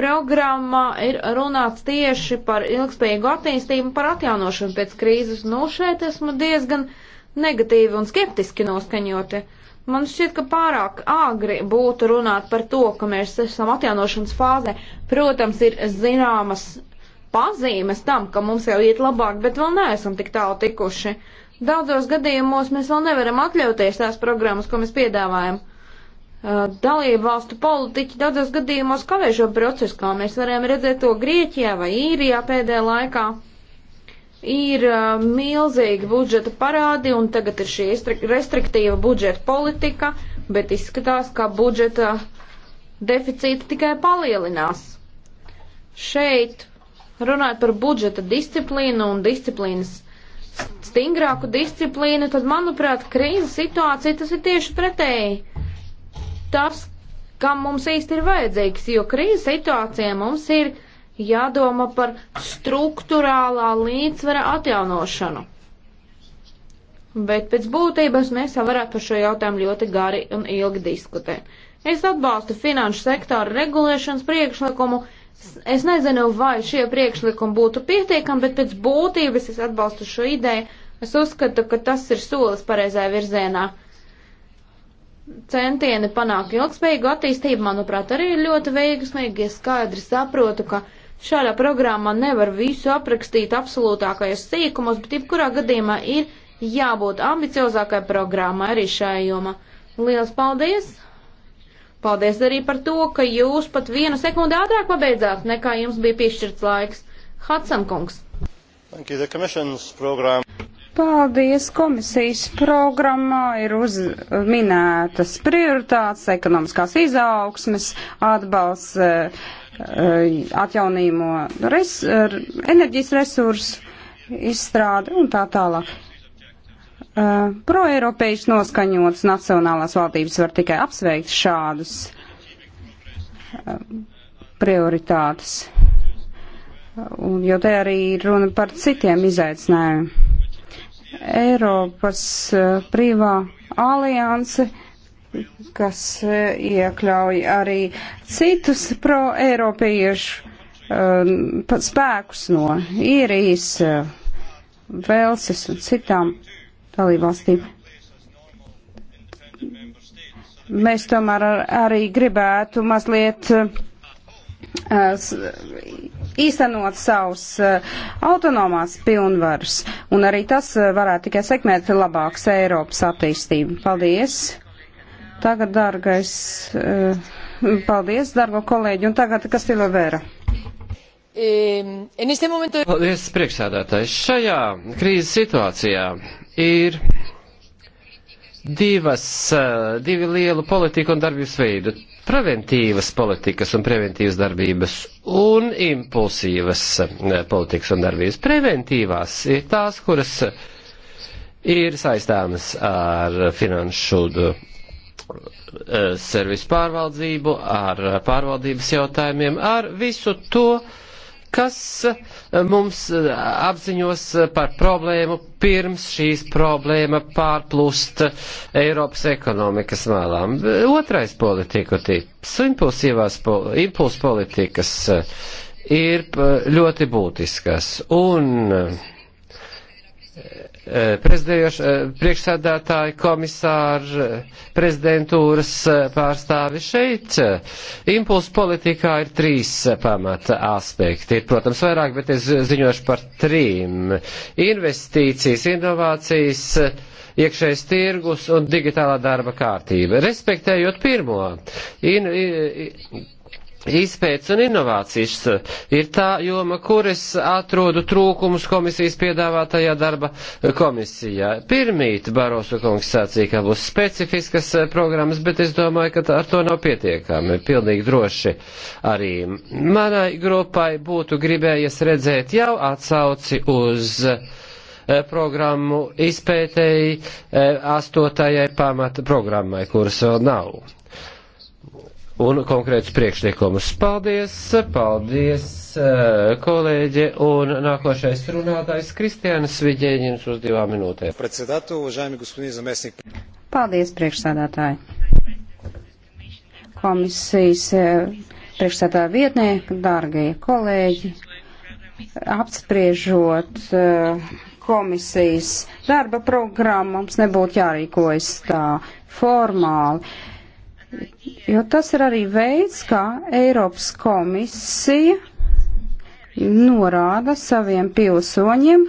programmā ir runāts tieši par ilgspējīgu attīstību, par atjaunošanu pēc krīzes. Nu, šeit esmu diezgan negatīvi un skeptiski noskaņoti. Man šķiet, ka pārāk āgri būtu runāt par to, ka mēs esam atjaunošanas fāzē. Protams, ir zināmas pazīmes tam, ka mums jau iet labāk, bet vēl neesam tik tālu tikuši. Daudzos gadījumos mēs vēl nevaram atļauties tās programmas, ko mēs piedāvājam. Uh, dalību valstu politiķi daudzos gadījumos kavē šo procesu, kā mēs varējām redzēt to Grieķijā vai Īrijā pēdējā laikā. Ir uh, milzīgi budžeta parādi un tagad ir šī restriktīva budžeta politika, bet izskatās, ka budžeta deficīti tikai palielinās. Šeit Runājot par budžeta disciplīnu un disciplīnas stingrāku disciplīnu, tad, manuprāt, krīzes situācija tas ir tieši pretēji. Tas, kam mums īsti ir vajadzīgs, jo krīzes situācijā mums ir jādoma par struktūrālā līdzsvera atjaunošanu. Bet pēc būtības mēs jau varētu par šo jautājumu ļoti gari un ilgi diskutēt. Es atbalstu finanšu sektoru regulēšanas priekšlikumu, Es nezinu, vai šie priekšlikumi būtu pietiekami, bet pēc būtības es atbalstu šo ideju. Es uzskatu, ka tas ir solis pareizajā virzienā. Centieni panākt ilgspējīgu attīstību, manuprāt, arī ir ļoti veiksmīgi. Es skaidri saprotu, ka šādā programmā nevar visu aprakstīt absolūtākajos sīkumos, bet jebkurā gadījumā ir jābūt ambiciozākai programmai arī šajā jomā. Lielas paldies! Paldies arī par to, ka jūs pat vienu sekundi ātrāk pabeidzāt, nekā jums bija piešķirts laiks. Hatsamkungs. Paldies! Komisijas programmā ir uz, minētas prioritātes ekonomiskās izaugsmes, atbalsts uh, atjaunīmo res, uh, enerģijas resursu izstrāde un tā tālāk. Uh, Proeiropeiski noskaņotas nacionālās valdības var tikai apsveikt šādus uh, prioritātes, Un, jo te arī runa par citiem izaicinājumiem. Eiropas uh, privā alianse, kas uh, iekļauj arī citus proeiropiešu uh, spēkus no īrijas, uh, Velses un citām dalībvalstīm. Mēs tomēr ar, arī gribētu mazliet uh, īstenot savus uh, autonomās pilnvarus, un arī tas uh, varētu tikai sekmēt labāks Eiropas attīstību. Paldies! Tagad, dārgais, paldies, dargo kolēģi, un tagad Kastila Vēra. Paldies, priekšsēdētājs. Šajā krīzes situācijā ir divas, eh, divi lielu politiku un darbības veidu - preventīvas politikas un preventīvas darbības un impulsīvas eh, politikas un darbības. Preventīvās ir tās, kuras ir saistāmas ar finanšu eh, servisu pārvaldzību, ar pārvaldības jautājumiem, ar visu to, uh, kas eh, mums eh, apziņos eh, par problēmu pirms šīs problēma pārplūst Eiropas ekonomikas mēlām. Otrais politiku tips - impulsīvās impuls politikas ir ļoti būtiskas. Un Eh, eh, priekšsēdētāji, komisāri, eh, prezidentūras pārstāvi šeit. Impulsu politikā ir trīs pamata aspekti. Ir, protams, vairāk, bet es ziņošu par trim. Investīcijas, inovācijas, iekšējais tirgus un digitālā darba kārtība. Respektējot pirmo, in, in, Izpētes un inovācijas eh, ir tā joma, kur es atrodu trūkumus komisijas piedāvātajā darba eh, komisijā. Pirmīt Barosu kungs sacīja, ka būs specifiskas eh, programmas, bet es domāju, ka ar to nav pietiekami. Pilnīgi droši arī manai grupai būtu gribējies redzēt jau atsauci uz programmu izpētēji astotajai pamata programmai, kuras vēl nav un konkrētus priekšlikumus. Paldies, paldies, eh, kolēģi, un nākošais runātājs Kristiānis Viģēņins uz divām minūtēm. Paldies, priekšsādātāji. Komisijas eh, priekšsādātāja vietnē, dārgie kolēģi, apspriežot eh, komisijas darba programmu, mums nebūtu jārīkojas tā formāli Jo tas ir arī veids, kā Eiropas komisija norāda saviem pilsoņiem,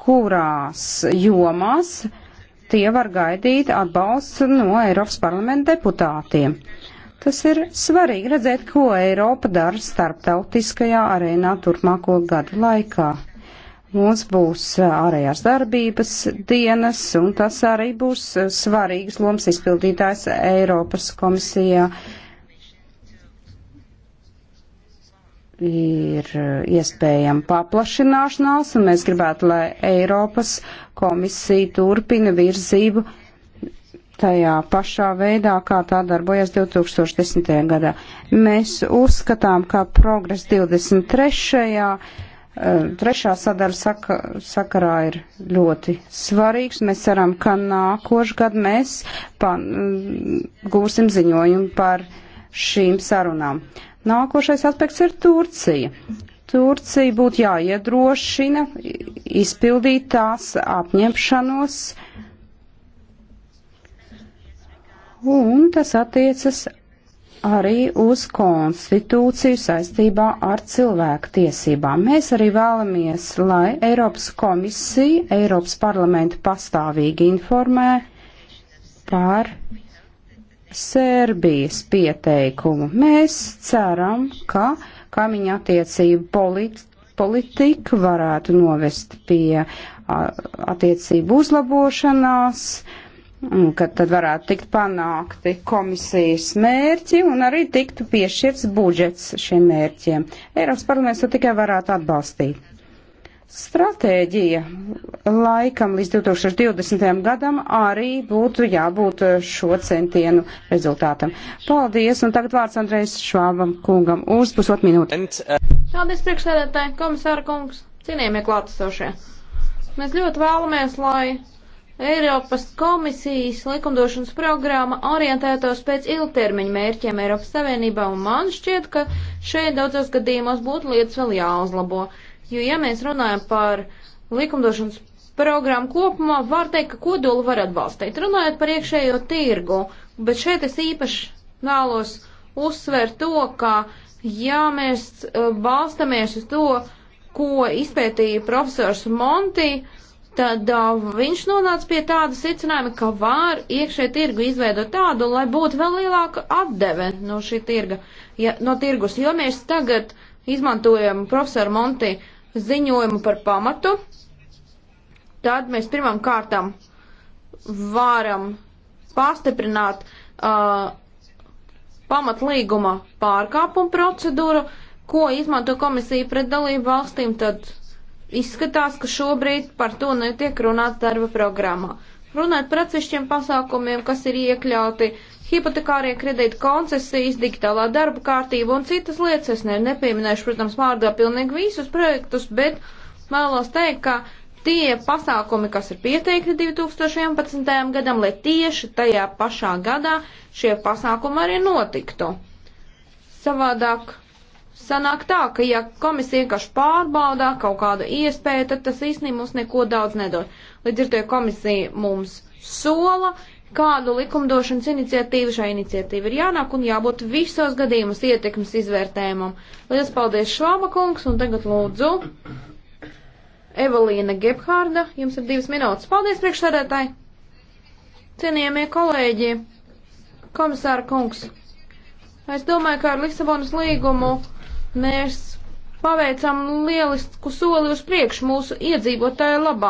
kurās jomās tie var gaidīt atbalstu no Eiropas parlamenta deputātiem. Tas ir svarīgi redzēt, ko Eiropa dara starptautiskajā arēnā turpmāko gadu laikā. Mums būs ārējās darbības dienas, un tas arī būs svarīgs loms izpildītājs Eiropas komisijā. Ir iespējama paplašināšanās, un mēs gribētu, lai Eiropas komisija turpina virzību tajā pašā veidā, kā tā darbojas 2010. gadā. Mēs uzskatām, ka progress 23 Eh, trešā sadaļa saka, sakarā ir ļoti svarīgs. Mēs ceram, ka nākošgad mēs pan, mm, gūsim ziņojumu par šīm sarunām. Nākošais aspekts ir Turcija. Turcija būtu jāiedrošina izpildīt tās apņemšanos, un tas attiecas arī uz konstitūciju saistībā ar cilvēku tiesībām. Mēs arī vēlamies, lai Eiropas komisija, Eiropas parlamenta pastāvīgi informē par Sērbijas pieteikumu. Mēs ceram, ka kamiņa attiecību politi politika varētu novest pie attiecību uzlabošanās, uh, ka tad varētu tikt panākti komisijas mērķi un arī tiktu piešķirts budžets šiem mērķiem. Eiropas parlaments to tikai varētu atbalstīt. Stratēģija laikam līdz 2020. gadam arī būtu jābūt šo centienu rezultātam. Paldies, un tagad vārds Andrejs Švābam kungam uz pusot minūti. Uh, Paldies, priekšsēdētāji, komisāra kungs, cienījamie klātesošie. Mēs ļoti vēlamies, lai Eiropas komisijas likumdošanas programma orientētos pēc ilgtermiņa mērķiem Eiropas Savienībā, un man šķiet, ka šeit daudzos gadījumos būtu lietas vēl jāuzlabo. Jo, ja mēs runājam par likumdošanas programmu kopumā, var teikt, ka kodolu var atbalstīt. Runājot par iekšējo tirgu, bet šeit es īpaši vēlos uzsvērt to, ka, ja mēs eh, balstamies uz to, ko izpētīja profesors Monti, uh, tad uh, viņš nonāca pie tāda secinājuma, ka var iekšē tirgu izveidot tādu, lai būtu vēl lielāka atdeve no šī tirga, ja, no tirgus. Jo mēs tagad izmantojam profesoru Monti ziņojumu par pamatu, tad mēs pirmām kārtām varam pastiprināt uh, pamatlīguma pārkāpumu procedūru, ko izmanto komisija pret dalību valstīm, tad izskatās, ka šobrīd par to netiek runāts darba programmā. Runāt par atsevišķiem pasākumiem, kas ir iekļauti hipotekārie kredīta koncesijas, digitālā darba kārtība un citas lietas. Es ne, nepieminēšu, protams, vārdā pilnīgi visus projektus, bet vēlos teikt, ka tie pasākumi, kas ir pieteikti 2011. gadam, lai tieši tajā pašā gadā šie pasākumi arī notiktu. Savādāk sanāk tā, ka ja komisija vienkārši pārbaudā kaut kādu iespēju, tad tas īstenībā mums neko daudz nedod. Līdz ar to komisija mums sola, kādu likumdošanas iniciatīvu šai iniciatīva ir jānāk un jābūt visos gadījumos ietekmes izvērtējumam. Lielas paldies Švaba kungs un tagad lūdzu Evelīna Gebhārda, jums ir divas minūtes. Paldies priekšsēdētāji! Cienījamie kolēģi, komisāra kungs, es domāju, ka ar Lisabonas līgumu Mēs paveicam lielisku soli uz priekšu mūsu iedzīvotāju labā,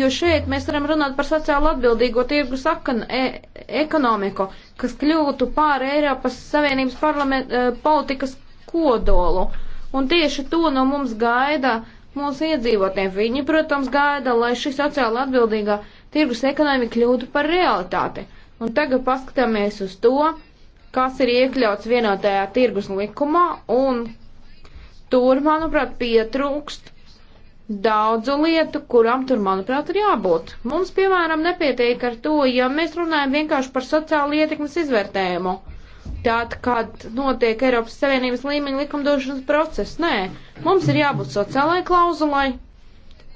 jo šeit mēs varam runāt par sociāli atbildīgo tirgus akan, e, ekonomiku, kas kļūtu pār Eiropas Savienības parlament, e, politikas kodolu. Un tieši to no mums gaida mūsu iedzīvotiem. Viņi, protams, gaida, lai šī sociāli atbildīgā tirgus ekonomika kļūtu par realitāti. Un tagad paskatāmies uz to, kas ir iekļauts vienotajā tirgus likumā un tur, manuprāt, pietrūkst daudzu lietu, kurām tur, manuprāt, ir jābūt. Mums, piemēram, nepietiek ar to, ja mēs runājam vienkārši par sociālu ietekmes izvērtējumu. Tātad, kad notiek Eiropas Savienības līmeņa likumdošanas process, nē, mums ir jābūt sociālai klauzulai,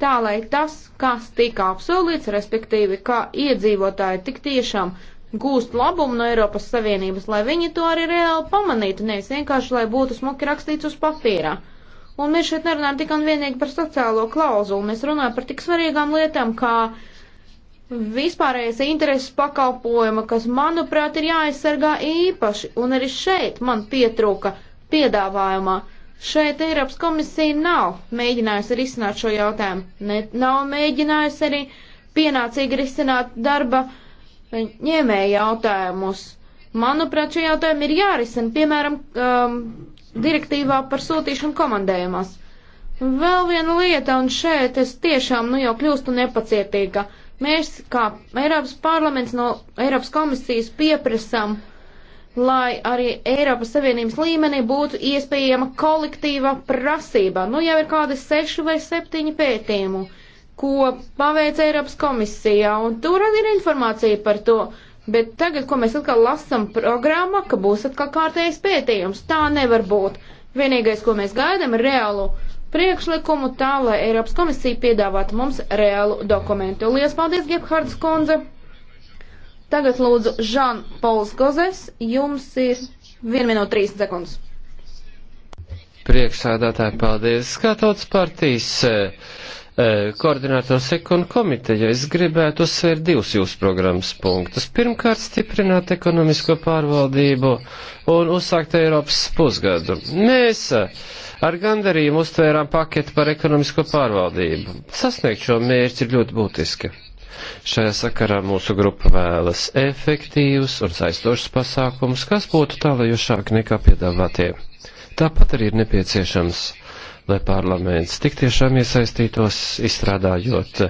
tā lai tas, kas tika apsolīts, respektīvi, kā iedzīvotāji tik tiešām gūst labumu no Eiropas Savienības, lai viņi to arī reāli pamanītu, nevis vienkārši, lai būtu smuki rakstīts uz papīrā. Un mēs šeit nerunājam tikai un vienīgi par sociālo klauzulu, mēs runājam par tik svarīgām lietām, kā vispārējais intereses pakalpojuma, kas, manuprāt, ir jāaizsargā īpaši, un arī šeit man pietrūka piedāvājumā. Šeit Eiropas komisija nav mēģinājusi risināt šo jautājumu, ne, nav mēģinājusi arī pienācīgi risināt darba uh, ņēmēja jautājumus. Manuprāt, šie jautājumi ir jārisina, piemēram, um, direktīvā par sūtīšanu komandējumās. Vēl viena lieta, un šeit es tiešām nu jau kļūstu nepacietīga. Mēs, kā Eiropas parlaments no Eiropas komisijas, pieprasām, lai arī Eiropas Savienības līmenī būtu iespējama kolektīva prasība. Nu jau ir kādi seši vai septiņi pētījumi ko paveic Eiropas komisijā, un tur arī ir informācija par to. Bet tagad, ko mēs atkal lasam programmā, ka būs atkal kārtējs pētījums, tā nevar būt. Vienīgais, ko mēs gaidām, ir reālu priekšlikumu tā, lai Eiropas komisija piedāvātu mums reālu dokumentu. Lielas paldies, Gebhards kundze! Tagad lūdzu Žan Pauls Gozes, jums ir 1 minūte 30 sekundes. Priekšsēdētāji, paldies! Kā tautas partijas? Eh, Eh, koordinātors ekonu komiteja, es gribētu uzsvērt divus jūsu programmas punktus. Pirmkārt, stiprināt ekonomisko pārvaldību un uzsākt Eiropas pusgadu. Mēs eh, ar gandarījumu uztvērām paketi par ekonomisko pārvaldību. Sasniegt šo mērķi ir ļoti būtiski. Šajā sakarā mūsu grupa vēlas efektīvus un saistošus pasākumus, kas būtu tālajošāk nekā piedāvātie. Tāpat arī ir nepieciešams lai parlaments tik tiešām iesaistītos, izstrādājot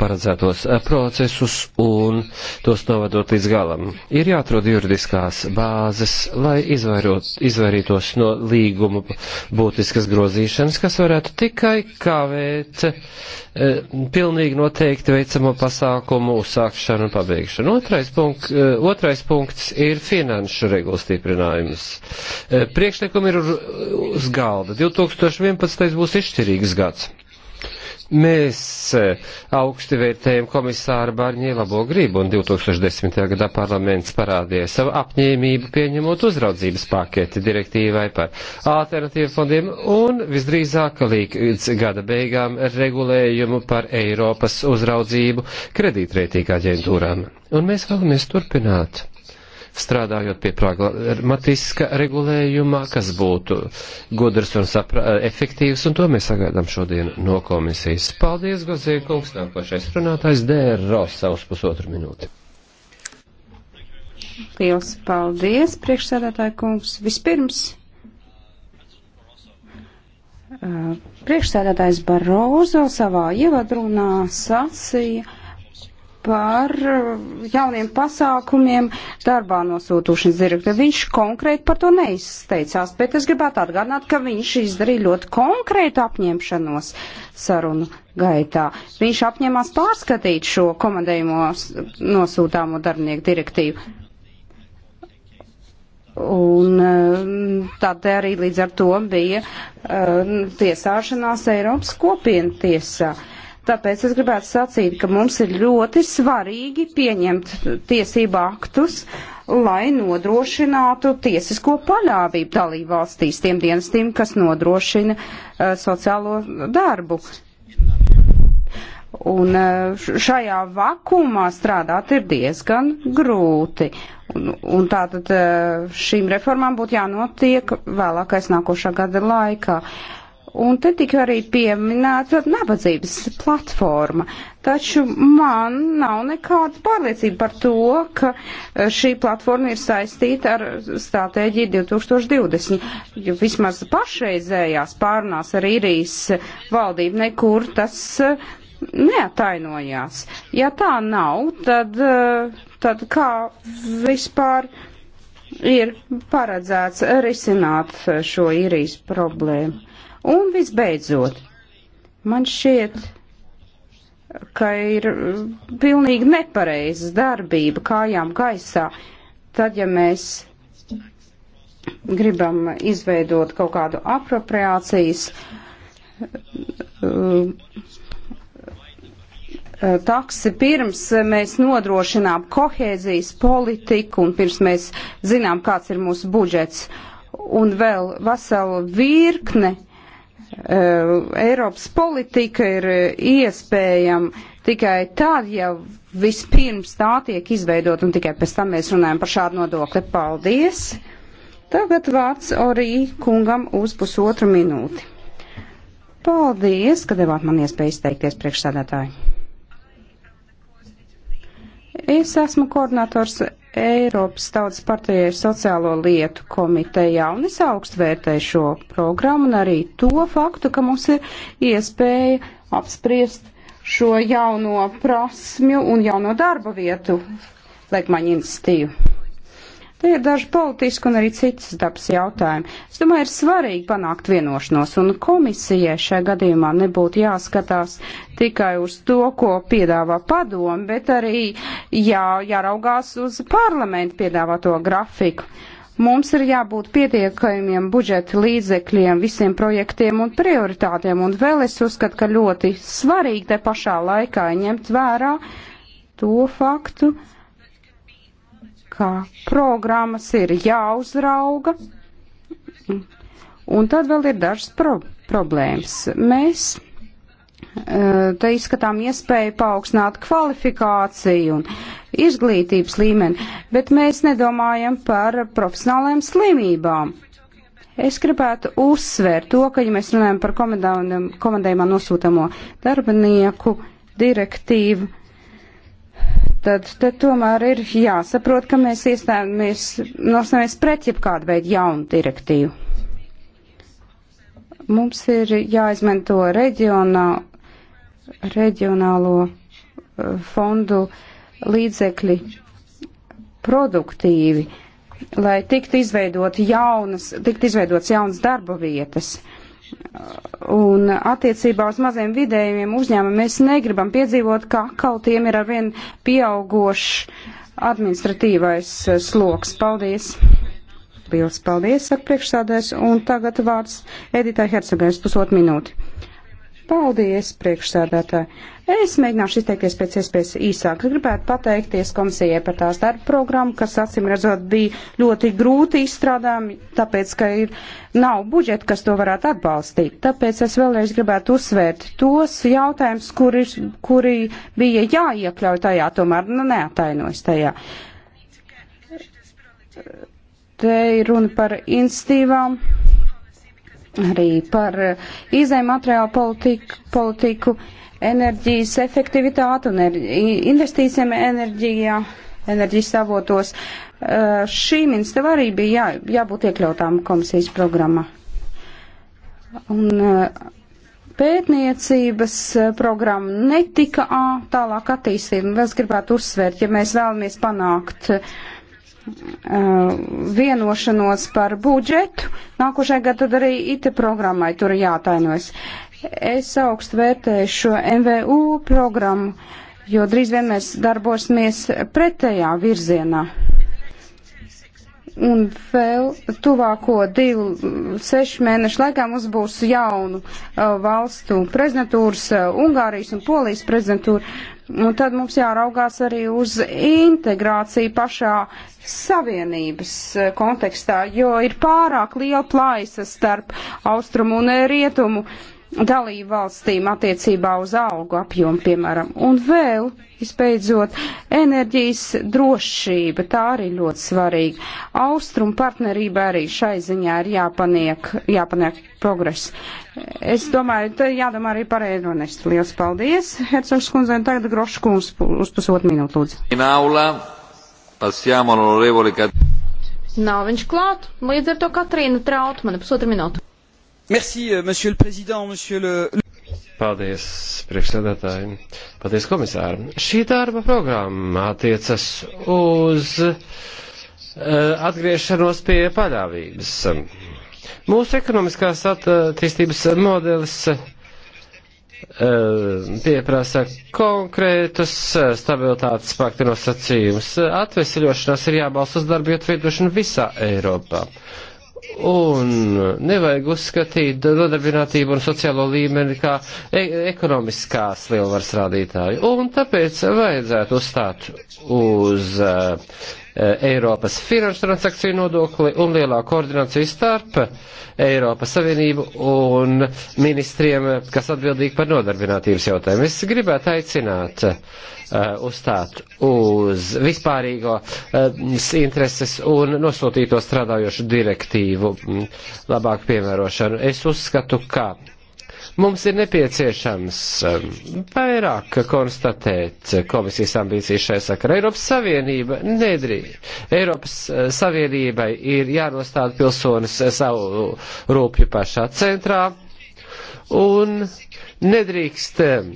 paredzētos procesus un tos novadot līdz galam. Ir jāatrod juridiskās bāzes, lai izvairot, izvairītos no līguma būtiskas grozīšanas, kas varētu tikai kavēt e, pilnīgi noteikti veicamo pasākumu uzsākšanu un pabeigšanu. Otrais, punkt, e, eh, otrais punkts ir finanšu regulu stiprinājums. E, priekšlikumi ir uz galda. 2011. 2012. būs izšķirīgs gads. Mēs e, augsti vērtējam komisāru Barņē labo gribu, un 2010. gadā parlaments parādīja savu apņēmību pieņemot uzraudzības paketi direktīvai par alternatīvu fondiem un visdrīzāk līdz gada beigām regulējumu par Eiropas uzraudzību kredītrētīgā aģentūrām. Un mēs vēlamies turpināt strādājot pie pragmatiska regulējuma, kas būtu gudrs un saprā, efektīvs, un to mēs sagaidām šodien no komisijas. Paldies, Gozie kungs, nākošais runātājs Dēro savus pusotru minūti. Liels paldies, priekšsēdētāja kungs. Vispirms priekšsēdētājs Barozo savā ievadrunā sacīja, par eh, jauniem pasākumiem darbā nosūtūšanas direktīvu. Viņš konkrēti par to neizteicās, bet es gribētu atgādināt, ka viņš izdarīja ļoti konkrētu apņemšanos sarunu gaitā. Viņš apņēmās pārskatīt šo komandējumo nosūtāmo darbinieku direktīvu. Un eh, tad arī līdz ar to bija uh, tiesāšanās Eiropas kopienu tiesā. Uh, Tāpēc es gribētu sacīt, ka mums ir ļoti svarīgi pieņemt tiesību aktus, lai nodrošinātu tiesisko paļāvību dalību valstīs tiem dienestiem, kas nodrošina uh, sociālo darbu. Un uh, šajā vakumā strādāt ir diezgan grūti. Un, un tātad uh, šīm reformām būtu jānotiek vēlākais nākošā gada laikā. Uh, Un te tika arī pieminēta nabadzības platforma. Taču man nav nekāda pārliecība par to, ka eh, šī platforma ir saistīta ar stratēģiju 2020. Jo vismaz pašreizējās pārnās ar īrijas valdību nekur tas eh, neatainojās. Ja tā nav, tad, eh, tad kā vispār ir paredzēts risināt šo īrijas problēmu? Un visbeidzot, man šķiet, ka ir uh, pilnīgi nepareizas darbība kājām gaisā, tad, ja mēs gribam izveidot kaut kādu apropriācijas uh, uh, taksi, pirms mēs nodrošinām kohēzijas politiku un pirms mēs zinām, kāds ir mūsu budžets un vēl veselu virkne uh, Eh, Eiropas politika ir iespējama tikai tad, ja vispirms tā tiek izveidot, un tikai pēc tam mēs runājam par šādu nodokli. Paldies! Tagad vārds arī kungam uz pusotru minūti. Paldies, ka devāt man iespēju izteikties priekšsādātāji. Es esmu koordinators Eiropas Tautas partijai sociālo lietu komitejā, un es augstu vērtēju šo programmu un arī to faktu, ka mums ir iespēja apspriest šo jauno prasmju un jauno darba vietu Lekmaņa institīvu. Te ir daži politiski un arī citas dabas jautājumi. Es domāju, ir svarīgi panākt vienošanos, un komisijai šajā gadījumā nebūtu jāskatās tikai uz to, ko piedāvā padomu, bet arī jā, jāraugās uz parlamentu piedāvāto grafiku. Mums ir jābūt pietiekamiem budžeta līdzekļiem visiem projektiem un prioritātiem, un vēl es uzskatu, ka ļoti svarīgi te pašā laikā ņemt vērā to faktu, ka programmas ir jāuzrauga, un tad vēl ir dažas pro problēmas. Mēs e, te izskatām iespēju paaugstināt kvalifikāciju un izglītības līmeni, bet mēs nedomājam par profesionālajām slimībām. Es gribētu uzsvērt to, ka, ja mēs runājam par komandējumā nosūtamo darbinieku direktīvu, tad, tad tomēr ir jāsaprot, ka mēs iestājamies, nostājamies pret jebkādu veidu jaunu direktīvu. Mums ir jāizmanto reģionā, reģionālo eh, fondu līdzekļi produktīvi, lai tiktu izveidot jaunas, tiktu izveidots jaunas darba vietas. Uh, Un attiecībā uz maziem vidējiem uzņēmumiem mēs negribam piedzīvot, ka atkal tiem ir arvien pieaugošs administratīvais eh, sloks. Paldies! Liels paldies, saka priekšsādājs, un tagad vārds Editai Hercegais pusotru minūti. Paldies, priekšsādātāji! Es mēģināšu izteikties pēc iespējas īsāk. Gribētu pateikties komisijai par tās darba programmu, kas acīm redzot bija ļoti grūti izstrādām, tāpēc, ka ir, nav budžeta, kas to varētu atbalstīt. Tāpēc es vēlreiz gribētu uzsvērt tos jautājumus, kuri, kuri bija jāiekļauj tajā, tomēr nu, neatainojas tajā. Te ir runa par institīvām arī par uh, izējumateriālu politiku, politiku enerģijas efektivitāti un er-, investīcijiem enerģijā, enerģijas avotos. Uh, Šīm institūcijām arī bija jā, jābūt iekļautām komisijas programmā. Un uh, pētniecības uh, programma netika tālāk attīstīta. Es gribētu uzsvērt, ja mēs vēlamies panākt vienošanos par budžetu. Nākošajā gadā tad arī IT e programmai tur jātainojas. Es augstu vērtēju šo MVU programmu, jo drīz vien mēs darbosimies pretējā virzienā. Un vēl tuvāko divu, sešu mēnešu laikā mums būs jaunu uh, valstu prezidentūras, uh, Ungārijas un Polijas prezidentūra. Un tad mums jāraugās arī uz integrāciju pašā savienības uh, kontekstā, jo ir pārāk liela plaisa starp austrumu un rietumu. Uh, dalību valstīm attiecībā uz algu apjomu, piemēram. Un vēl, visbeidzot, enerģijas drošība, tā arī ļoti svarīga. Austrum partnerība arī šai ziņā ir jāpaniek, jāpaniek progress. Es domāju, te jādomā arī par Eironestu. Liels paldies, Hercogs kundze, un tagad Grošs kungs uz pusotru minūtu, lūdzu. Nav viņš klāt, līdz ar to Katrīna Trautmane pusotru minūtu. Merci, euh, monsieur le président, monsieur le. Paldies, priekšsēdētāji. Paldies, komisāri. Šī darba programma attiecas uz uh, atgriešanos pie paļāvības. Mūsu ekonomiskās attīstības modelis uh, pieprasa konkrētus eh, stabilitātes pakta nosacījumus. Atveseļošanās ir jābalsta uz darba vietu veidošanu visā Eiropā. Un nevajag uzskatīt nodarbinātību un sociālo līmeni kā e ekonomiskās lielvaras rādītāju. Un tāpēc vajadzētu uzstāt uz uh, Eh, Eiropas finanšu transakciju nodokli un lielāku koordināciju starp eh, Eiropas Savienību un ministriem, kas atbildīgi par nodarbinātības jautājumu. Es gribētu aicināt eh, uzstāt uz vispārīgo intereses un nosūtīto strādājošu direktīvu mm, labāku piemērošanu. Es uzskatu, ka Mums ir nepieciešams um, vairāk konstatēt komisijas ambīcijas šai sakarā. Eiropas Savienība nedrīkst. Eiropas uh, Savienībai ir jānostāda pilsonis savu rūpju pašā centrā un nedrīkst um,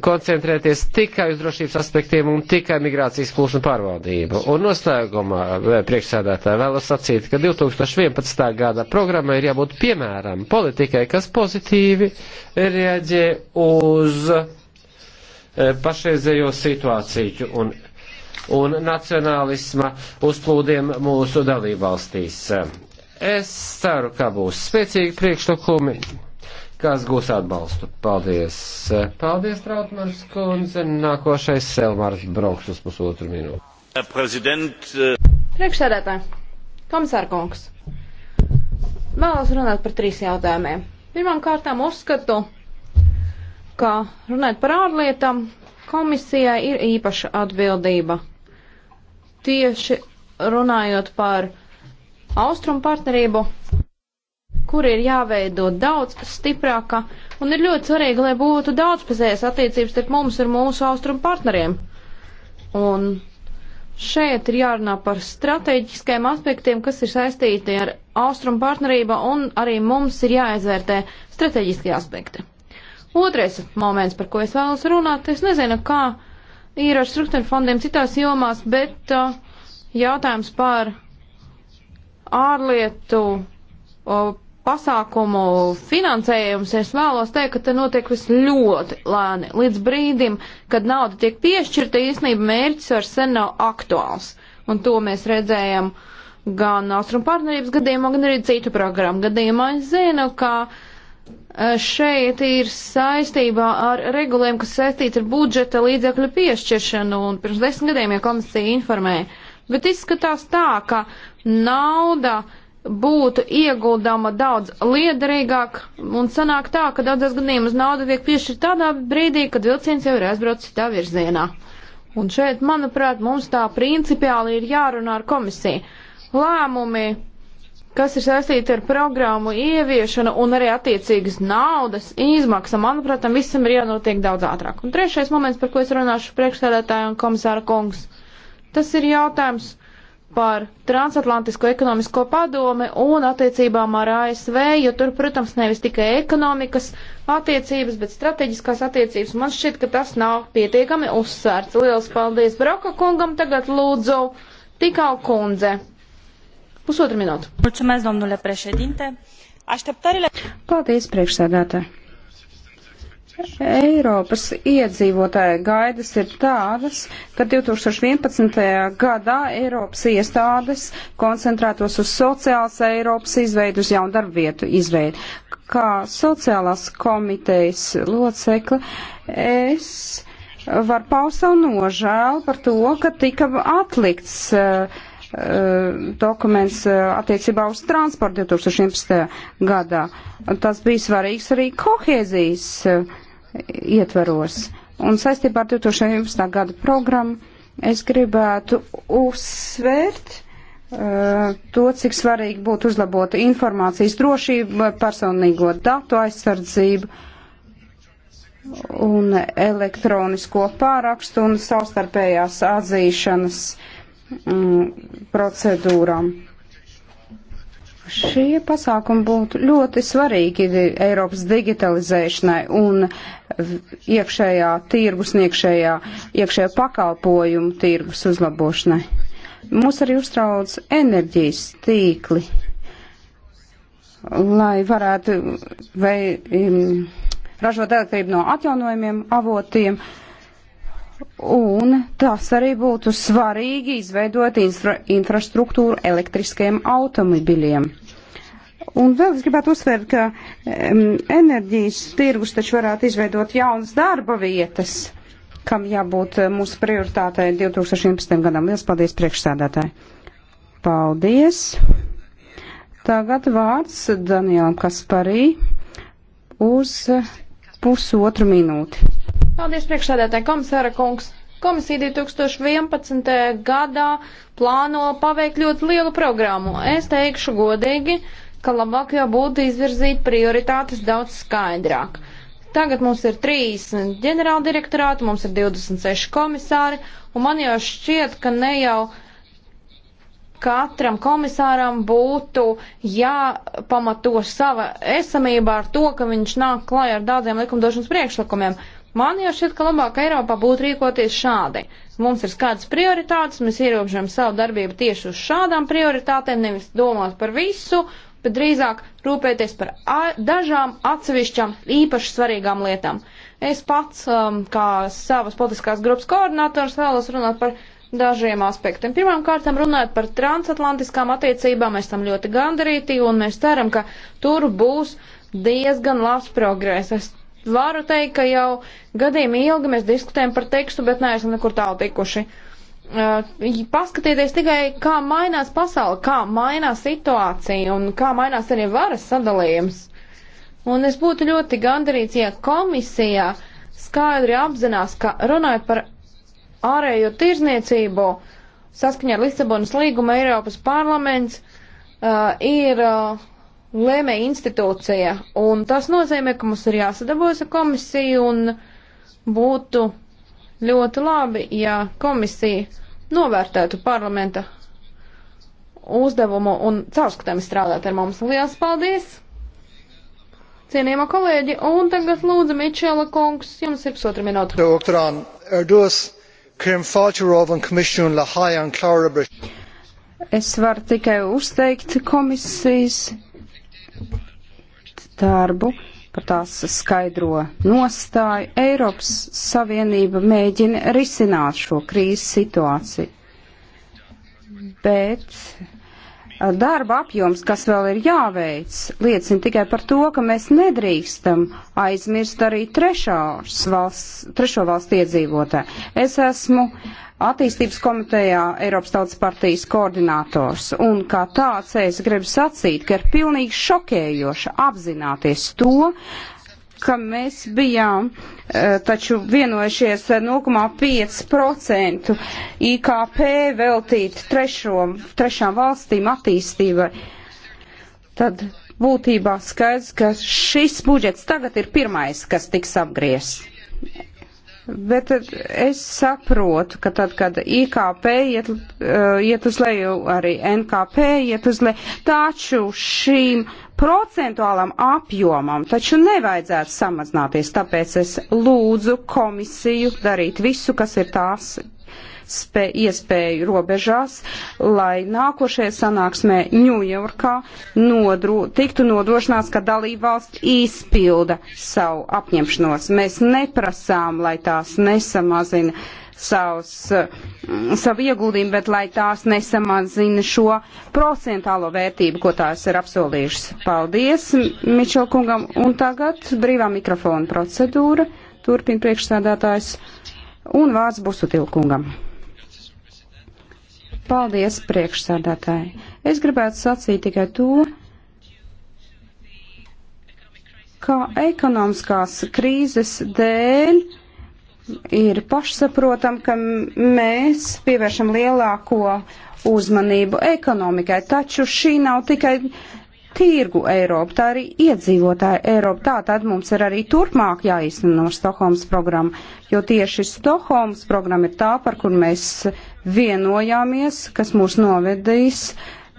koncentrēties tikai uz drošības aspektiem un tikai migrācijas plūsmu pārvaldību. Un noslēgumā eh, priekšsēdētāji vēlas sacīt, ka 2011. gada programma ir jābūt piemēram politikai, kas pozitīvi reaģē uz eh, pašreizējo situāciju un, un nacionālisma uzplūdiem mūsu dalībvalstīs. Es ceru, ka būs spēcīgi priekšlikumi kas gūs atbalstu. Paldies. Paldies, Trautmans kundze. Nākošais Selmārs Broks uz pusotru minūti. Prezident. Äh, Priekšsēdētāji, komisāra kungs. Vēlos runāt par trīs jautājumiem. Pirmām kārtām uzskatu, ka runāt par ārlietām komisijai ir īpaša atbildība. Tieši runājot par austrumu partnerību, kur ir jāveido daudz stiprāka, un ir ļoti svarīgi, lai būtu daudzpusējas attiecības starp mums un mūsu austrumu partneriem. Un šeit ir jārunā par strateģiskiem aspektiem, kas ir saistīti ar austrumu partnerību, un arī mums ir jāizvērtē strateģiskie aspekti. Otrais moments, par ko es vēlos runāt, es nezinu, kā ir ar struktūra fondiem citās jomās, bet uh, jautājums par ārlietu o, uh, pasākumu finansējums, es vēlos teikt, ka te notiek viss ļoti lēni. Līdz brīdim, kad nauda tiek piešķirta, īstenībā mērķis vairs sen nav aktuāls. Un to mēs redzējam gan Austrum partnerības gadījumā, gan arī citu programmu gadījumā. Es zinu, ka e, šeit ir saistībā ar regulējumu, kas saistīts ar budžeta līdzekļu piešķiršanu, un pirms desmit gadiem jau komisija informēja. Bet izskatās tā, ka nauda uh, būtu ieguldama daudz liederīgāk un sanāk tā, ka daudzās gadījumos nauda tiek piešķirta tādā brīdī, kad vilciens jau ir aizbraucis tā virzienā. Un šeit, manuprāt, mums tā principiāli ir jārunā ar komisiju. Lēmumi, kas ir saistīti ar programmu ieviešanu un arī attiecīgas naudas izmaksa, manuprāt, tam visam ir jānotiek daudz ātrāk. Un trešais moments, par ko es runāšu priekšstādātāju un komisāra kungs, tas ir jautājums par transatlantisko ekonomisko padome un attiecībām ar ASV, jo tur, protams, nevis tikai ekonomikas attiecības, bet strateģiskās attiecības. Man šķiet, ka tas nav pietiekami uzsvērts. Lielas paldies Broka kungam, tagad lūdzu tikau kundze. Pusotru minūtu. Mulțumesc, domnule președinte. Așteptările... Paldies, priekšsēdētāji. Eiropas iedzīvotāja gaidas ir tādas, ka 2011. gadā Eiropas iestādes koncentrētos uz sociālas Eiropas izveidu, uz jaunu darbu vietu izveidu. Kā sociālās komitejas locekli, es varu paust savu nožēlu par to, ka tika atlikts uh, dokuments eh, attiecībā uz transportu 2011. gadā. Tas bija svarīgs arī kohēzijas ietveros. Un saistībā ar 2011. gada programmu es gribētu uzsvērt uh, to, cik svarīgi būtu uzlabota informācijas drošība, personīgo datu aizsardzību un elektronisko pārakstu un savstarpējās atzīšanas um, procedūrām. Šie pasākumi būtu ļoti svarīgi Eiropas digitalizēšanai un iekšējā tirgus, iekšējā, iekšējā pakalpojumu tirgus uzlabošanai. Mūs arī uztrauc enerģijas tīkli, lai varētu vai, um, mm, ražot elektrību no atjaunojumiem avotiem. Uh, Un tas arī būtu svarīgi izveidot infra infrastruktūru elektriskiem automobiļiem. Un vēl es gribētu uzsvērt, ka um, enerģijas tirgus taču varētu izveidot jaunas darba vietas, kam jābūt eh, mūsu prioritātei 2011. gadam. Lielas paldies priekšsēdētāji. Paldies. Tagad vārds Danielam Kasparī uz eh, pusotru minūti. Paldies priekšsēdētāji komisāra kungs. Komisija 2011. gadā plāno paveikt ļoti lielu programmu. Es teikšu godīgi, ka labāk jau būtu izvirzīt prioritātes daudz skaidrāk. Tagad mums ir 30 ģenerāla direktorāti, mums ir 26 komisāri, un man jau šķiet, ka ne jau katram komisāram būtu jāpamato sava esamība ar to, ka viņš nāk klāj ar daudziem likumdošanas priekšlikumiem. Man jau šķiet, ka labāk Eiropā būtu rīkoties šādi. Mums ir skaidrs prioritātes, mēs ierobežojam savu darbību tieši uz šādām prioritātēm, nevis domāt par visu, bet drīzāk rūpēties par dažām atsevišķām īpaši svarīgām lietām. Es pats, um, kā savas politiskās grupas koordinators, vēlos runāt par dažiem aspektiem. Pirmām kārtām runājot par transatlantiskām attiecībām, mēs tam ļoti gandarīti un mēs ceram, ka tur būs diezgan labs progress. Es varu teikt, ka jau gadiem ilgi mēs diskutējam par tekstu, bet neesam nekur tālu tikuši. Uh, paskatieties tikai, kā mainās pasaule, kā mainās situācija un kā mainās arī varas sadalījums. Un es būtu ļoti gandarīts, ja komisijā skaidri apzinās, ka runājot par ārējo tirzniecību, saskaņā ar Lisabonas līgumu Eiropas parlaments uh, ir uh, lēmē institūcija, un tas nozīmē, ka mums ir jāsadarbojas ar komisiju, un būtu ļoti labi, ja komisija novērtētu parlamenta uzdevumu un caurskatāmi strādāt ar mums. Lielas paldies! Cienījamā kolēģi, un tagad lūdzu Mičela kungs, jums ir pusotra minūte. Doktorān, erdos, krim falčurov un komisiju lahājan klārabriš. Es varu tikai uzteikt komisijas darbu, par tās skaidro nostāju. Eiropas Savienība mēģina risināt šo krīzes situāciju. Bet darba apjoms, kas vēl ir jāveic, liecina tikai par to, ka mēs nedrīkstam aizmirst arī valsts, trešo valstu iedzīvotāju. Es esmu attīstības komitejā Eiropas Tautas partijas koordinators, un kā tāds es gribu sacīt, ka ir pilnīgi šokējoši apzināties to, uh, ka mēs bijām eh, taču vienojušies 0,5% IKP veltīt trešo, trešām valstīm attīstībai. Tad būtībā skaidrs, ka šis budžets tagad ir pirmais, kas tiks apgriezt. Bet es saprotu, ka tad, kad IKP iet, eh, iet uz leju, arī NKP iet uz leju, taču šīm procentuālam apjomam taču nevajadzētu samazināties, tāpēc es lūdzu komisiju darīt visu, kas ir tās spē, iespēju robežās, lai nākošajā sanāksmē Ņujorkā nodro, tiktu nodrošināts, ka dalībvalsts izpilda savu apņemšanos. Mēs neprasām, lai tās nesamazina savus, mm, savu ieguldījumu, bet lai tās nesamazina šo procentālo vērtību, ko tās ir apsolījušas. Paldies Mičel kungam. Un tagad brīvā mikrofona procedūra. Turpin priekšsēdētājs. Un vārds Busutilkungam. Paldies, priekšsādātāji. Es gribētu sacīt tikai to, ka ekonomiskās krīzes dēļ ir pašsaprotam, ka mēs pievēršam lielāko uzmanību ekonomikai, taču šī nav tikai tirgu Eiropu, tā arī iedzīvotāju Eiropu. Tā tad mums ir arī turpmāk jāizsno Stokholmas programma, jo tieši Stokholmas programma ir tā, par kur mēs vienojāmies, kas mūs novedīs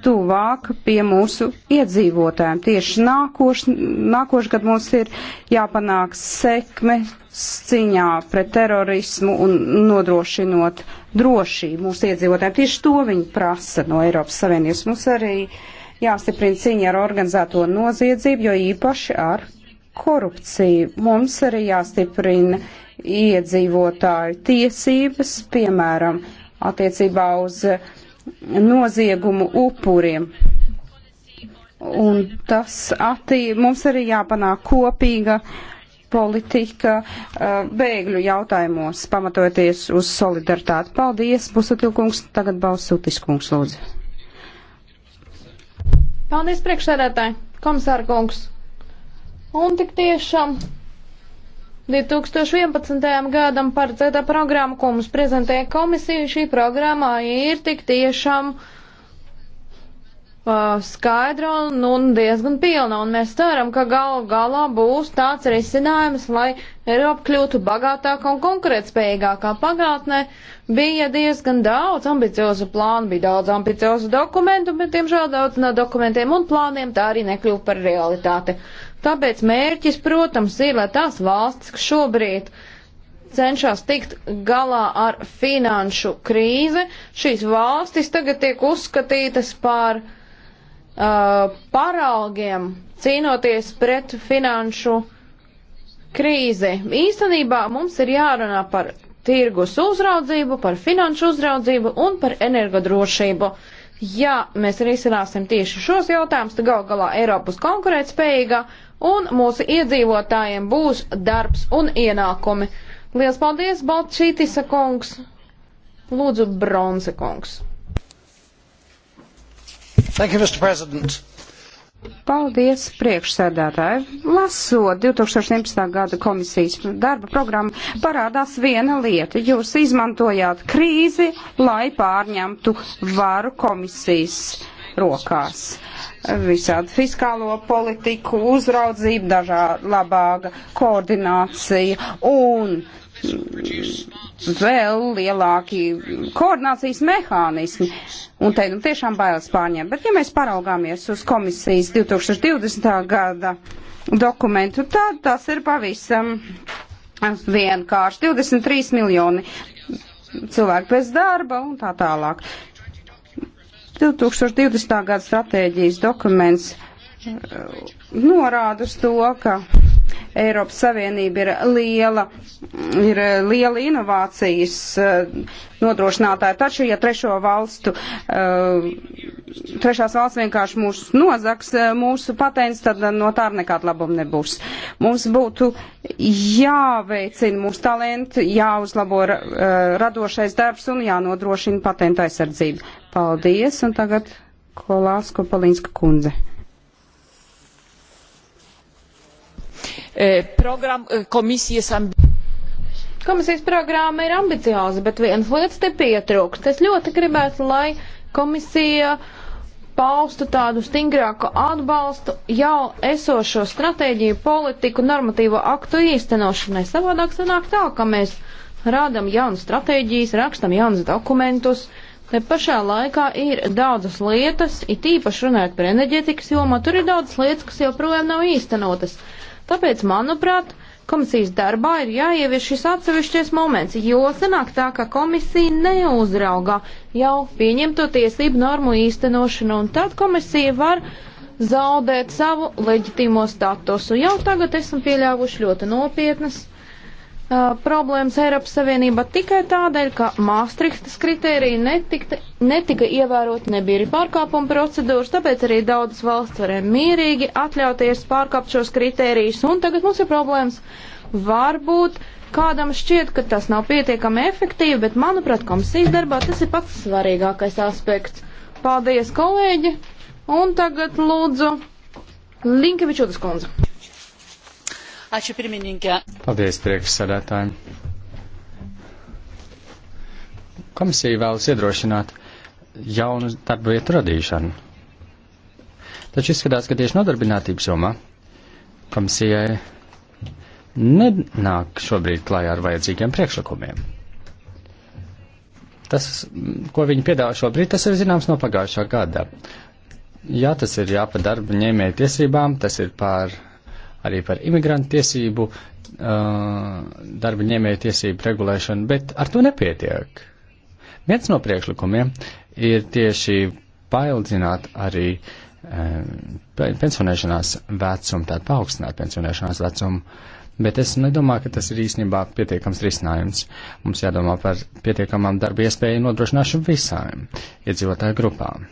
tuvāk pie mūsu iedzīvotājiem. Tieši nākošais gads mums ir jāpanāk sekme cīņā pret terorismu un nodrošinot drošību mūsu iedzīvotājiem. Tieši to viņi prasa no Eiropas Savienības. Mums arī uh, jāstiprina cīņa ar organizēto noziedzību, jo īpaši ar korupciju. Mums arī jāstiprina iedzīvotāju tiesības, piemēram, attiecībā uz noziegumu upuriem. Un tas attī, mums arī jāpanāk kopīga politika eh, bēgļu jautājumos, pamatojoties uz solidaritāti. Paldies, Pusatilkungs, tagad Balsutis kungs lūdzu. Paldies, priekšsēdētāji, komisāra kungs. Un tik tiešām 2011. gadam paredzētā programma, ko mums prezentēja komisija, šī programmā ir tik tiešām uh, Uh, skaidra un, un diezgan pilna, un mēs ceram, ka gal galā būs tāds risinājums, lai Eiropa kļūtu bagātāka un konkurētspējīgākā. Pagātnē bija diezgan daudz ambiciozu plānu, bija daudz ambiciozu dokumentu, bet, diemžēl, daudz no dokumentiem un plāniem tā arī nekļūpa par realitāti. Tāpēc mērķis, protams, ir, lai tās valstis, kas šobrīd cenšas tikt galā ar finanšu krīzi, šīs valstis tagad tiek uzskatītas par uh, uh, paraugiem, cīnoties pret finanšu krīzi. Īstenībā mums ir jārunā par tirgus uzraudzību, par finanšu uzraudzību un par energodrošību. Ja mēs risināsim tieši šos jautājumus, tad gal galā Eiropas konkurētspējīga un mūsu iedzīvotājiem būs darbs un ienākumi. Lielas paldies, Balčītisa kungs! Lūdzu, Bronze kungs! Thank you, Mr. President. Paldies, priekšsēdētāji. Lasot 2011. gada komisijas darba programmu, parādās viena lieta. Jūs izmantojāt krīzi, lai pārņemtu varu komisijas rokās. Visādi fiskālo politiku, uzraudzību, dažāda labāka koordinācija un vēl lielāki koordinācijas mehānismi. Un te nu, tiešām bailes pārņem. Bet ja mēs paraugāmies uz komisijas 2020. gada dokumentu, tad tas ir pavisam vienkārši 23 miljoni cilvēku bez darba un tā tālāk. 2020. gada stratēģijas dokuments uh, norāda uz to, ka Eiropas Savienība ir liela, ir eh, liela inovācijas eh, nodrošinātāja, taču, ja trešo valstu, eh, trešās valsts vienkārši mūs nozaks mūsu patents, tad no tā nekāda labuma nebūs. Mums būtu jāveicina mūsu talenti, jāuzlabo radošais darbs un jānodrošina patenta aizsardzību. Paldies, un tagad Kolāsko Palinska kundze. Eh, program eh, komisji jest ambitny. Komisijas programma ir ambicioza, bet vienas lietas te pietrūkst. Es ļoti gribētu, lai komisija paustu tādu stingrāku atbalstu jau esošo stratēģiju, politiku, normatīvo aktu īstenošanai. Savādāk sanāk tā, ka mēs rādam jaunas stratēģijas, rakstam jaunas dokumentus. Te pašā laikā ir daudzas lietas, it īpaši runājot par enerģetikas jomu, tur ir daudzas lietas, kas joprojām nav īstenotas. Tāpēc, manuprāt, komisijas darbā ir jāievieš šis atsevišķies moments, jo sanāk tā, ka komisija neuzrauga jau pieņemto tiesību normu īstenošanu, un tad komisija var zaudēt savu leģitīmo statusu. Jau tagad esam pieļāvuši ļoti nopietnas uh, problēmas Eiropas Savienībā tikai tādēļ, ka Māstrihtas kritērija netikta, netika ievērot, nebija arī pārkāpuma procedūras, tāpēc arī daudzas valsts varēja mierīgi atļauties pārkāpt šos kritērijus, un tagad mums ir problēmas. Varbūt kādam šķiet, ka tas nav pietiekami efektīvi, bet manuprāt, komisijas darbā tas ir pats svarīgākais aspekts. Paldies, kolēģi! Un tagad lūdzu Linkevičūtas kundze. Ačiū pirmininkė. Paldies priekšsēdētājiem. Komisija vēlas iedrošināt jaunu darba vietu radīšanu. Taču izskatās, ka tieši nodarbinātības jomā komisijai nenāk šobrīd klājā ar vajadzīgiem priekšlikumiem. Tas, ko viņi piedāvā šobrīd, tas ir zināms no pagājušā gada. Jā, tas ir jāpadara ņēmēja tiesībām, tas ir pār arī par imigrantu tiesību, uh, darba ņēmēju tiesību regulēšanu, bet ar to nepietiek. Viens no priekšlikumiem ir tieši paildzināt arī uh, pensionēšanās vecumu, tātad paaugstināt pensionēšanās vecumu. Bet es nedomāju, ka tas ir īstenībā pietiekams risinājums. Mums jādomā par pietiekamām darba iespēju nodrošināšanu visām iedzīvotāju grupām.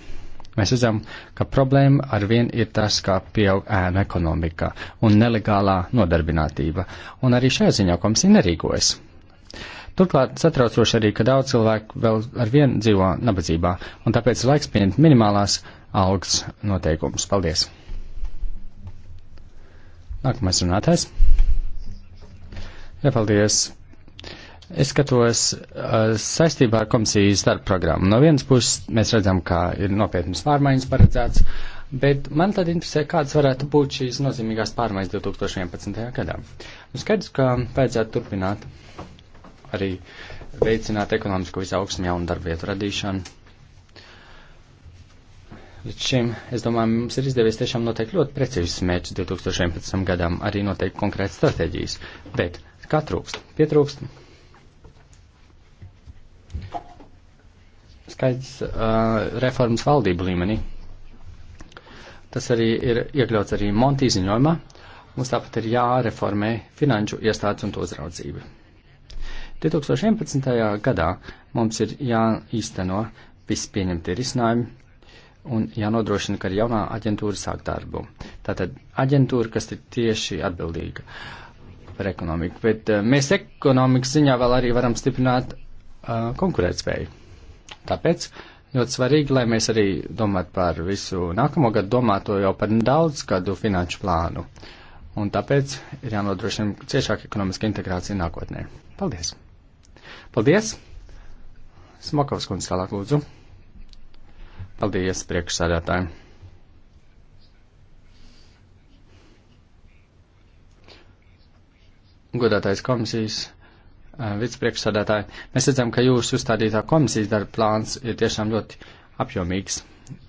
Mēs redzam, ka problēma ar vien ir tas, kā pieaug ēnu ekonomika un nelegālā nodarbinātība, un arī šajā ziņā komisija nerīkojas. Turklāt satraucoši arī, ka daudz cilvēku vēl ar vien dzīvo nabadzībā, un tāpēc ir laiks pieņemt minimālās algas noteikumus. Paldies! Nākamais runātājs. Jā, paldies Es skatos uh, saistībā ar komisijas darba programmu. No vienas puses mēs redzam, ka ir nopietnas pārmaiņas paredzēts, bet man tad interesē, kādas varētu būt šīs nozīmīgās pārmaiņas 2011. gadā. Nu, skaidrs, ka vajadzētu turpināt arī veicināt ekonomisko izaugsmu jaunu darbu vietu radīšanu. Līdz šim, es domāju, mums ir izdevies tiešām noteikt ļoti precīzus mērķus 2011. gadam, arī noteikt konkrētas stratēģijas, bet kā trūkst? Pietrūkst skaidrs uh, reformas valdību līmenī. Tas arī ir iekļauts arī Monti ziņojumā. Mums tāpat ir jāreformē finanšu iestādes un to uzraudzību. 2011. gadā mums ir jāīsteno visi pieņemti risinājumi un jānodrošina, ka arī jaunā aģentūra sāk darbu. Tātad aģentūra, kas ir tieši atbildīga par ekonomiku, bet uh, mēs ekonomikas ziņā vēl arī varam stiprināt uh, konkurētspēju. Tāpēc ļoti svarīgi, lai mēs arī domātu par visu nākamo gadu, domātu jau par daudz gadu finanšu plānu. Un tāpēc ir jānodrošina ciešāka ekonomiska integrācija nākotnē. Paldies! Paldies! Smokovs kundze tālāk lūdzu. Paldies priekšsādātājiem! Godātais komisijas vicepriekšsādātāji, mēs redzam, ka jūsu uzstādītā komisijas darba plāns ir tiešām ļoti apjomīgs,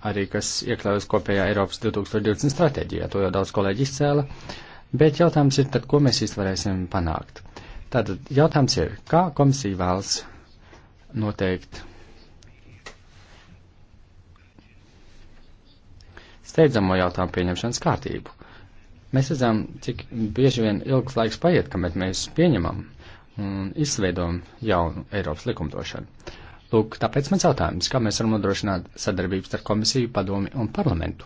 arī kas iekļaujas kopējā Eiropas 2020 stratēģijā, to jau daudz kolēģi izcēla, bet jautājums ir tad, ko mēs īsti varēsim panākt. Tātad jautājums ir, kā komisija vēlas noteikt steidzamo jautājumu pieņemšanas kārtību. Mēs redzam, cik bieži vien ilgs laiks paiet, kamēr mēs pieņemam un izveidojam jaunu Eiropas likumdošanu. Lūk, tāpēc mans jautājums, kā mēs varam nodrošināt sadarbības starp komisiju, padomi un parlamentu?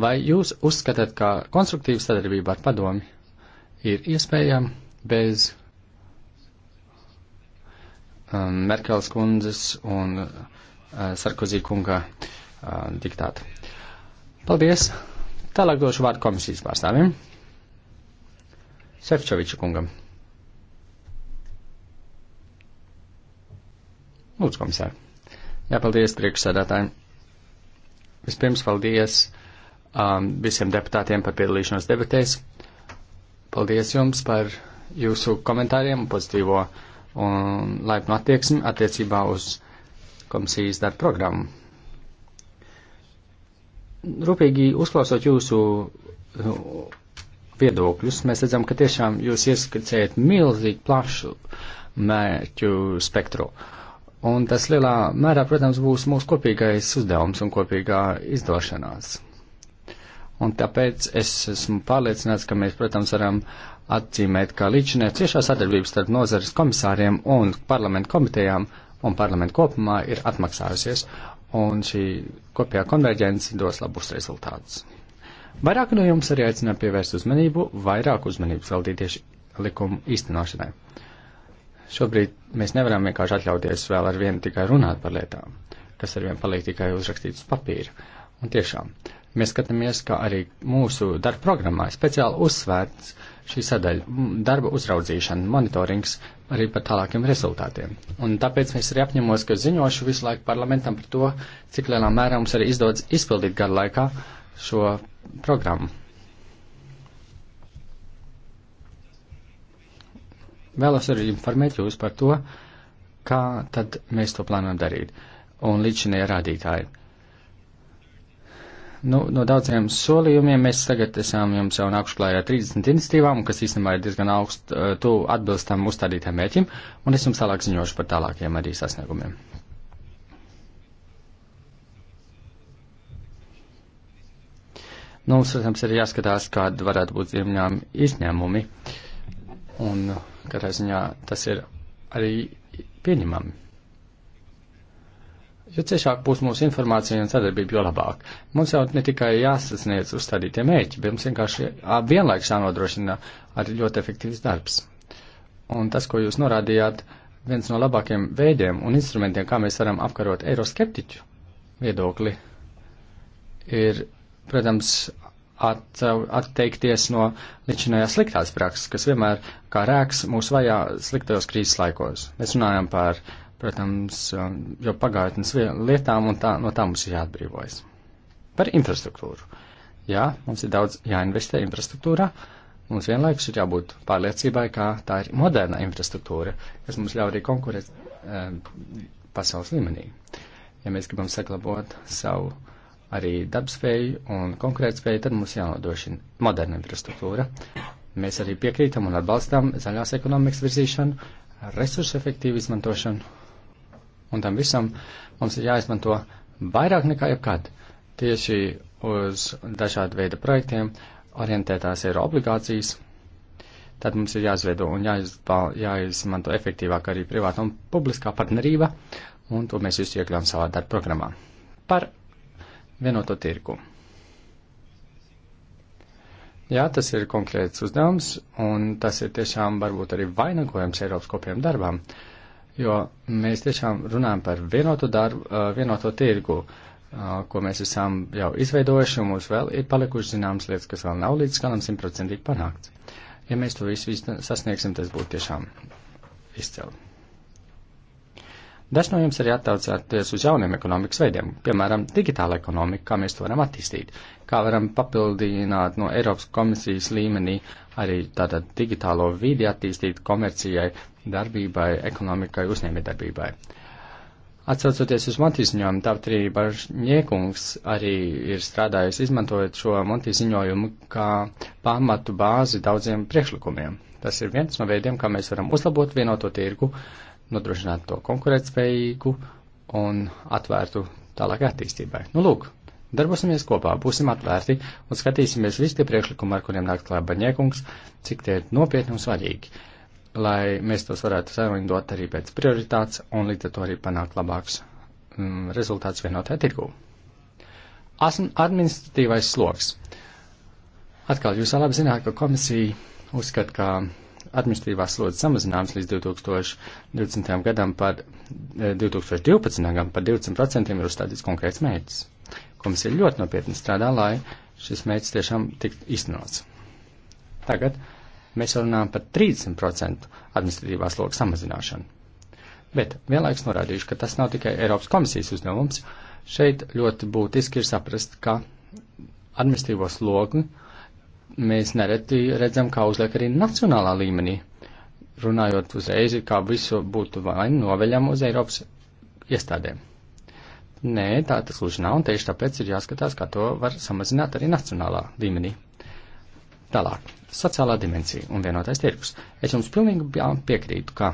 Vai jūs uzskatāt, ka konstruktīva sadarbība ar padomi ir iespējama bez um, Merkels kundzes un uh, Sarkozī kunga uh, diktāta? Paldies! Tālāk došu vārdu komisijas pārstāvim. Sefčoviča kungam. Lūdzu, komisār. Jā, paldies priekšsēdētājiem. Vispirms paldies um, visiem deputātiem par piedalīšanos debatēs. Paldies jums par jūsu komentāriem un pozitīvo un laipnu attieksmi attiecībā uz komisijas darba programmu. Rūpīgi uzklausot jūsu uh, viedokļus, mēs redzam, ka tiešām jūs ieskicējat milzīgi plašu mērķu spektru. Uh, Un tas lielā mērā, protams, būs mūsu kopīgais uzdevums un kopīgā izdošanās. Un tāpēc es esmu pārliecināts, ka mēs, protams, varam atzīmēt, ka līdšanai ciešā sadarbība starp nozares komisāriem un parlamentu komitejām un parlamentu kopumā ir atmaksājusies, un šī kopējā konverģence dos labus rezultātus. Vairāk no jums arī aicināja pievērst uzmanību, vairāk uzmanības veltīt tieši likumu īstenošanai. Šobrīd mēs nevaram vienkārši atļauties vēl ar vienu tikai runāt par lietām, kas ar vienu paliek tikai uzrakstīts papīra. Un tiešām, mēs skatāmies, ka arī mūsu darba programmā speciāli uzsvērts šī sadaļa - darba uzraudzīšana, monitorings arī par tālākiem rezultātiem. Un tāpēc mēs arī apņemos, ka ziņošu visu laiku parlamentam par to, cik lielā mērā mums arī izdodas izpildīt gadu laikā šo programmu. Vēlos arī informēt jūs par to, kā tad mēs to plānojam darīt un līdz šim rādītāji. Nu, no daudziem solījumiem mēs tagad esam jums jau nākuši klājā 30 iniciatīvām, kas īstenībā ir diezgan augstu, tu atbilstam uzstādītām mērķim, un es jums tālāk ziņošu par tālākiem arī sasniegumiem. Nu, mums, protams, ir jāskatās, kāda varētu būt ziemļām izņēmumi. Un Katrā ziņā tas ir arī pieņemami. Jo ciešāk būs mūsu informācija un sadarbība, jo labāk. Mums jau ne tikai jāsasniedz uzstādītie mērķi, bet mums vienkārši vienlaikus jānodrošina arī ļoti efektīvs darbs. Un tas, ko jūs norādījāt, viens no labākajiem veidiem un instrumentiem, kā mēs varam apkarot eiroskeptiķu viedokli, ir, protams, at, atteikties no ličinējā sliktās prakses, kas vienmēr kā rēks mūs vajā sliktajos krīzes laikos. Mēs runājam par, protams, um, jau pagātnes lietām, un tā, no tā mums ir jāatbrīvojas. Par infrastruktūru. Jā, mums ir daudz jāinvestē infrastruktūrā. Mums vienlaikus ir jābūt pārliecībai, ka tā ir moderna infrastruktūra, kas mums ļauj arī konkurēt e, pasaules līmenī. Ja mēs gribam saglabāt savu arī darbspēju un konkurētspēju, tad mums jānodrošina moderna infrastruktūra. Mēs arī piekrītam un atbalstām zaļās ekonomikas virzīšanu, resursu efektīvu izmantošanu. Un tam visam mums ir jāizmanto vairāk nekā jebkad. Tieši uz dažādu veidu projektiem orientētās ir obligācijas, tad mums ir jāizveido un jāizbal, jāizmanto efektīvāk arī privāta un publiskā partnerība, un to mēs visu iekļām savā darba programmā. Par vienoto tirgu. Jā, tas ir konkrēts uzdevums, un tas ir tiešām varbūt arī vainagojums Eiropas kopiem darbām, jo mēs tiešām runājam par vienotu darbu, vienoto tirgu, ko mēs esam jau izveidojuši, un mums vēl ir palikuši zināmas lietas, kas vēl nav līdz galam simtprocentīgi panākts. Ja mēs to visu, visu sasniegsim, tas būtu tiešām izcēlīgi. Dažs no jums arī attaucāties uz jauniem ekonomikas veidiem, piemēram, digitāla ekonomika, kā mēs to varam attīstīt, kā varam papildināt no Eiropas komisijas līmenī arī tātad digitālo vidi attīstīt komercijai, darbībai, ekonomikai, uzņēmējdarbībai. Atcaucoties uz Montijas ziņojumu, tāpat arī Barņiekungs arī ir strādājis izmantojot šo Montijas ziņojumu kā pamatu bāzi daudziem priekšlikumiem. Tas ir viens no veidiem, kā mēs varam uzlabot vienoto tirgu, uh, nodrošināt to konkurētspējīgu un atvērtu tālāk attīstībai. Nu, lūk, darbosimies kopā, būsim atvērti un skatīsimies visi tie priekšlikumi, ar kuriem nāk klāt baņiekungs, cik tie ir nopietni un svarīgi, lai mēs tos varētu saimniekot arī pēc prioritātes un līdz ar to arī panākt labāks mm, rezultāts vienotē tirgū. Administratīvais sloks. Atkal jūs labi zināt, ka komisija uzskata, ka administratīvās slodzes samazinājums līdz 2020. gadam par 2012. E, gadam par 20% ir uzstādīts konkrēts mērķis. Komisija ļoti nopietni strādā, lai šis mērķis tiešām tiktu iznots. Tagad mēs runājam par 30% administratīvās slodzes samazināšanu. Bet vienlaiks norādījuši, ka tas nav tikai Eiropas komisijas uzdevums. Šeit ļoti būtiski ir saprast, ka administratīvo slogu uh, mēs nereti redzam, kā uzliek arī nacionālā līmenī, runājot uzreiz, kā visu būtu vainu noveļam uz Eiropas iestādēm. Nē, tā tas lūdzu nav, un tieši tāpēc ir jāskatās, kā to var samazināt arī nacionālā līmenī. Tālāk, sociālā dimensija un vienotais tirgus. Es jums pilnīgi piekrītu, ka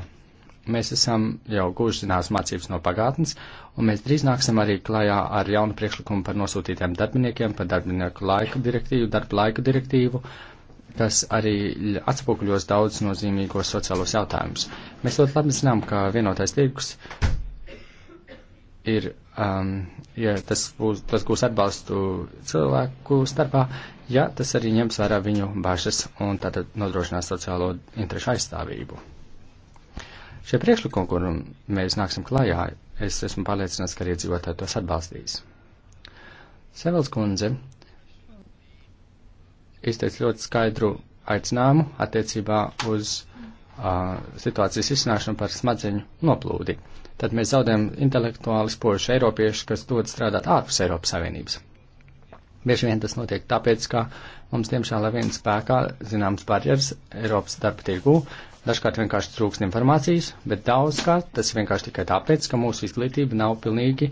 mēs esam jau guvuši zināmas mācības no pagātnes, un mēs drīz nāksim arī klajā ar jaunu priekšlikumu par nosūtītiem darbiniekiem, par darbinieku laika direktīvu, darba laika direktīvu, kas arī atspoguļos daudz nozīmīgos sociālos jautājumus. Mēs ļoti labi zinām, ka vienotais tirgus ir, um, ja tas, būs, tas gūs atbalstu cilvēku starpā, ja tas arī ņems vērā viņu bažas un tātad nodrošinās sociālo interešu aizstāvību. Šie priekšlikumi, kur mēs nāksim klajā, es esmu pārliecināts, ka arī dzīvotāji tos atbalstīs. Sevils kundze izteica ļoti skaidru aicinājumu attiecībā uz uh, situācijas izcināšanu par smadzeņu noplūdi. Tad mēs zaudējam intelektuāli spožus eiropiešus, kas dod strādāt ārpus Eiropas Savienības. Bieži vien tas notiek tāpēc, ka mums diemžēl ar vienu spēkā zināms barjeras Eiropas darba tirgū, Dažkārt vienkārši trūkst informācijas, bet daudzkārt tas ir vienkārši tikai tāpēc, ka mūsu izglītība nav pilnīgi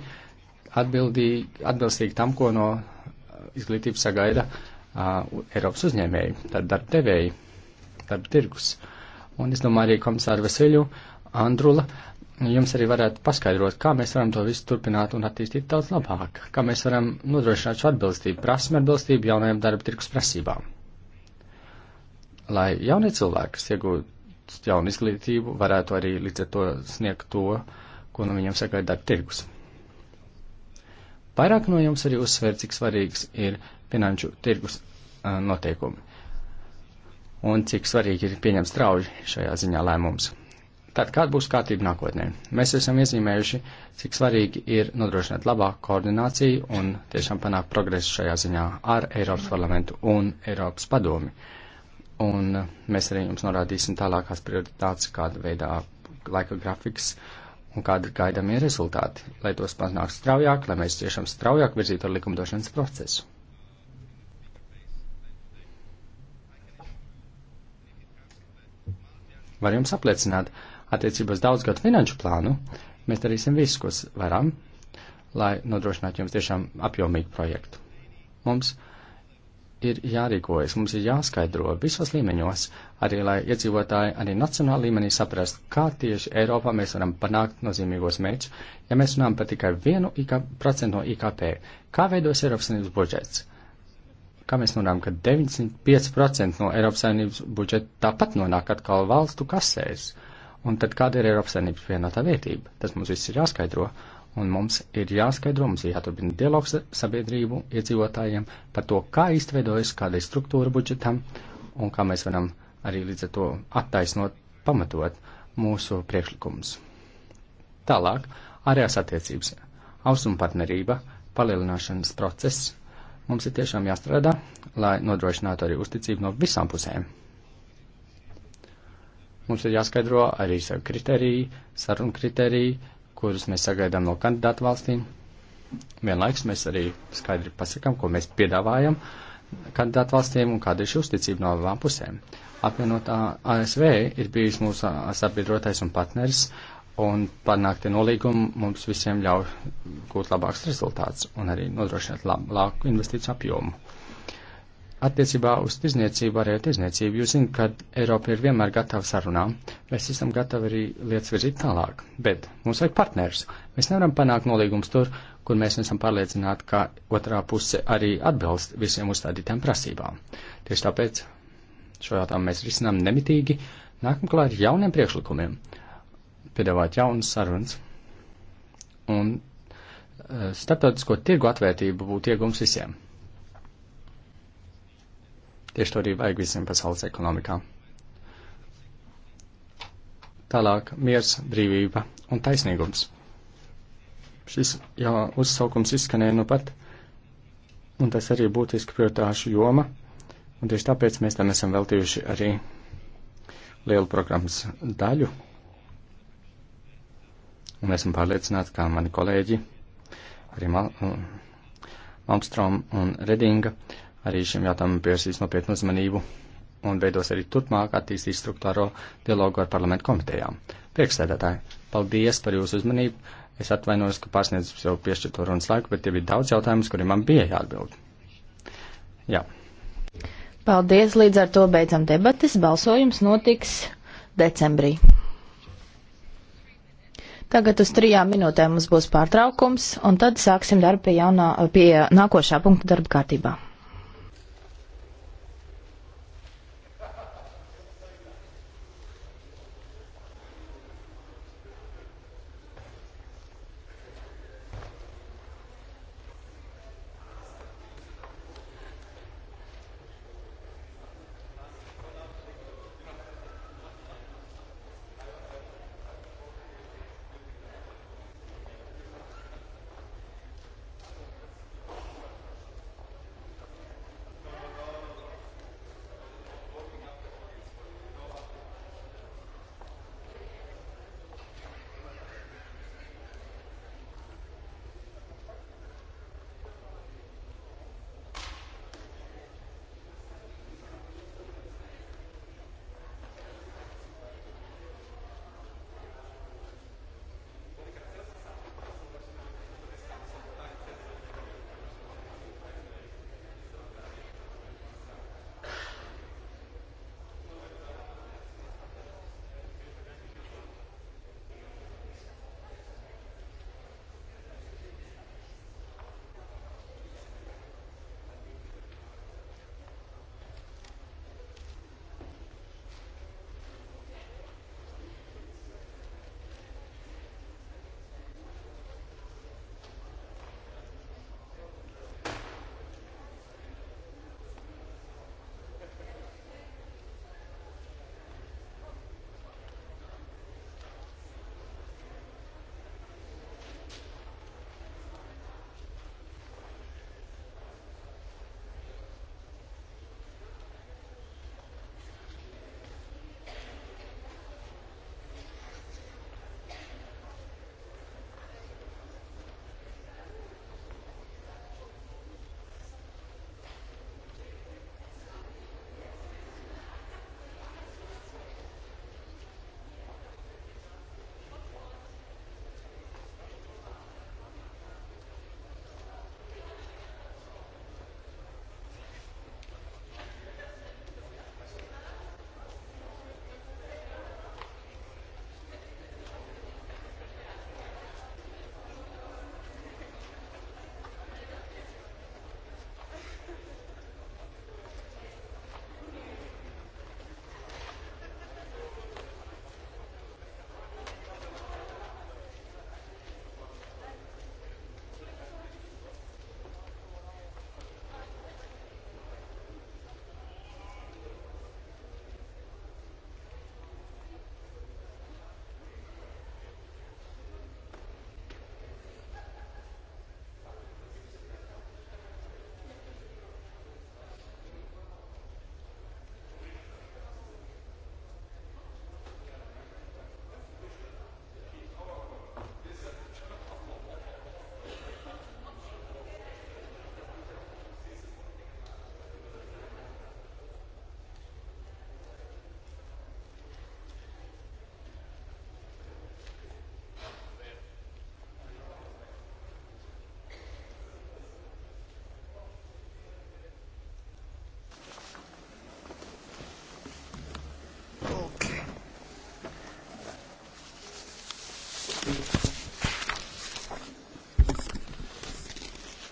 atbilstīga tam, ko no uh, izglītības sagaida uh, Eiropas uzņēmēji, tad darba devēji, darba tirgus. Un es domāju arī komisāru Veseļu, Andrula, jums arī varētu paskaidrot, kā mēs varam to visu turpināt un attīstīt daudz labāk, kā mēs varam nodrošināt šo atbilstību, prasme atbilstību jaunajām darba tirkus prasībām. Lai jaunie cilvēki, kas iegūst jaunu izglītību, varētu arī līdz ar to sniegt to, ko no viņiem sagaida darba tirgus. Vairāk no jums arī uzsver, cik svarīgs ir finanšu tirgus noteikumi un cik svarīgi ir pieņemt strauji šajā ziņā lēmumus. Tad kāda būs kārtība nākotnē? Mēs esam iezīmējuši, cik svarīgi ir nodrošināt labāku koordināciju un tiešām panākt progresu šajā ziņā ar Eiropas parlamentu un Eiropas padomi. Uh, Un uh, mēs arī jums norādīsim tālākās prioritātes, kāda veidā laika grafiks un kāda gaidāmie rezultāti, lai tos panāk straujāk, lai mēs tiešām straujāk virzītu ar likumdošanas procesu. Var jums apliecināt, attiecībās daudzgadu finanšu plānu mēs darīsim visu, ko varam, lai nodrošinātu jums tiešām apjomīgu projektu. Mums ir jārīkojas, mums ir jāskaidro visos līmeņos, arī lai iedzīvotāji arī nacionāla līmenī saprast, kā tieši Eiropā mēs varam panākt nozīmīgos mērķus, ja mēs runājam par tikai vienu procentu no IKP. Kā veidos Eiropas Savienības budžets? Kā mēs runājam, ka 95% no Eiropas Savienības budžeta tāpat nonāk atkal valstu kasēs? Un tad kāda ir Eiropas Savienības vienotā vērtība? Tas mums viss ir jāskaidro. Uh, Un mums ir jāskaidro, mums ir jāturpina dialogs ar sabiedrību, iedzīvotājiem par to, kā izveidojas, kāda ir struktūra budžetam un kā mēs varam arī līdz ar to attaisnot, pamatot mūsu priekšlikumus. Tālāk, ārējās attiecības, austrumu partnerība, palielināšanas process. Mums ir tiešām jāstrādā, lai nodrošinātu arī uzticību no visām pusēm. Mums ir jāskaidro arī savu kriteriju, sarunu kriteriju, kurus mēs sagaidām no kandidātu valstīm. Vienlaiks mēs arī skaidri pasakām, ko mēs piedāvājam kandidātu valstīm un kāda ir šī uzticība no abām pusēm. Apvienotā ASV ir bijis mūsu sabiedrotais un partneris, un panāktie nolīgumi mums visiem ļauj gūt labāks rezultāts un arī nodrošināt labāku investīciju apjomu. Attiecībā uz tirzniecību, arī tirzniecību, jūs zināt, ka Eiropa ir vienmēr gatava sarunām. Mēs esam gatavi arī lietas virzīt tālāk, bet mums vajag partners. Mēs nevaram panākt nolīgums tur, kur mēs esam pārliecināti, ka otrā puse arī atbilst visiem uzstādītām prasībām. Tieši tāpēc šo jautājumu mēs risinām nemitīgi, nākam klāt ar jauniem priekšlikumiem, piedāvāt jaunas sarunas. Un eh, starptautisko tirgu atvērtību būtu iegums visiem. Tieši to arī vajag visiem pasaules ekonomikām. Tālāk miers, brīvība un taisnīgums. Šis jau uzsaukums izskanēja nu pat, un tas arī būtiski prioritāšu joma, un tieši tāpēc mēs tam esam veltījuši arī lielu programmas daļu. Un esmu pārliecināts, kā mani kolēģi, arī Mal Malmstrom un Redinga, uh, arī šim jautājumam pievērsīs nopietnu uzmanību un veidos arī turpmāk attīstīs struktūro dialogu ar parlamentu komitejām. Priekšsēdētāji, paldies par jūsu uzmanību. Es atvainojos, ka pārsniedzu jau piešķirto runas laiku, bet tie bija daudz jautājumus, kuriem man bija jāatbild. Jā. Paldies, līdz ar to beidzam debatas. Balsojums notiks decembrī. Tagad uz trijām minūtēm mums būs pārtraukums, un tad sāksim darbu pie, jaunā, pie nākošā punkta darba kārtībā.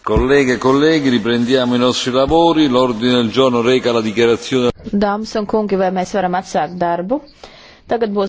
Colleghe e colleghi, riprendiamo i nostri lavori. L'ordine del giorno reca la dichiarazione. Dāmas un kungi, vai mēs varam atsākt darbu? Tagad būs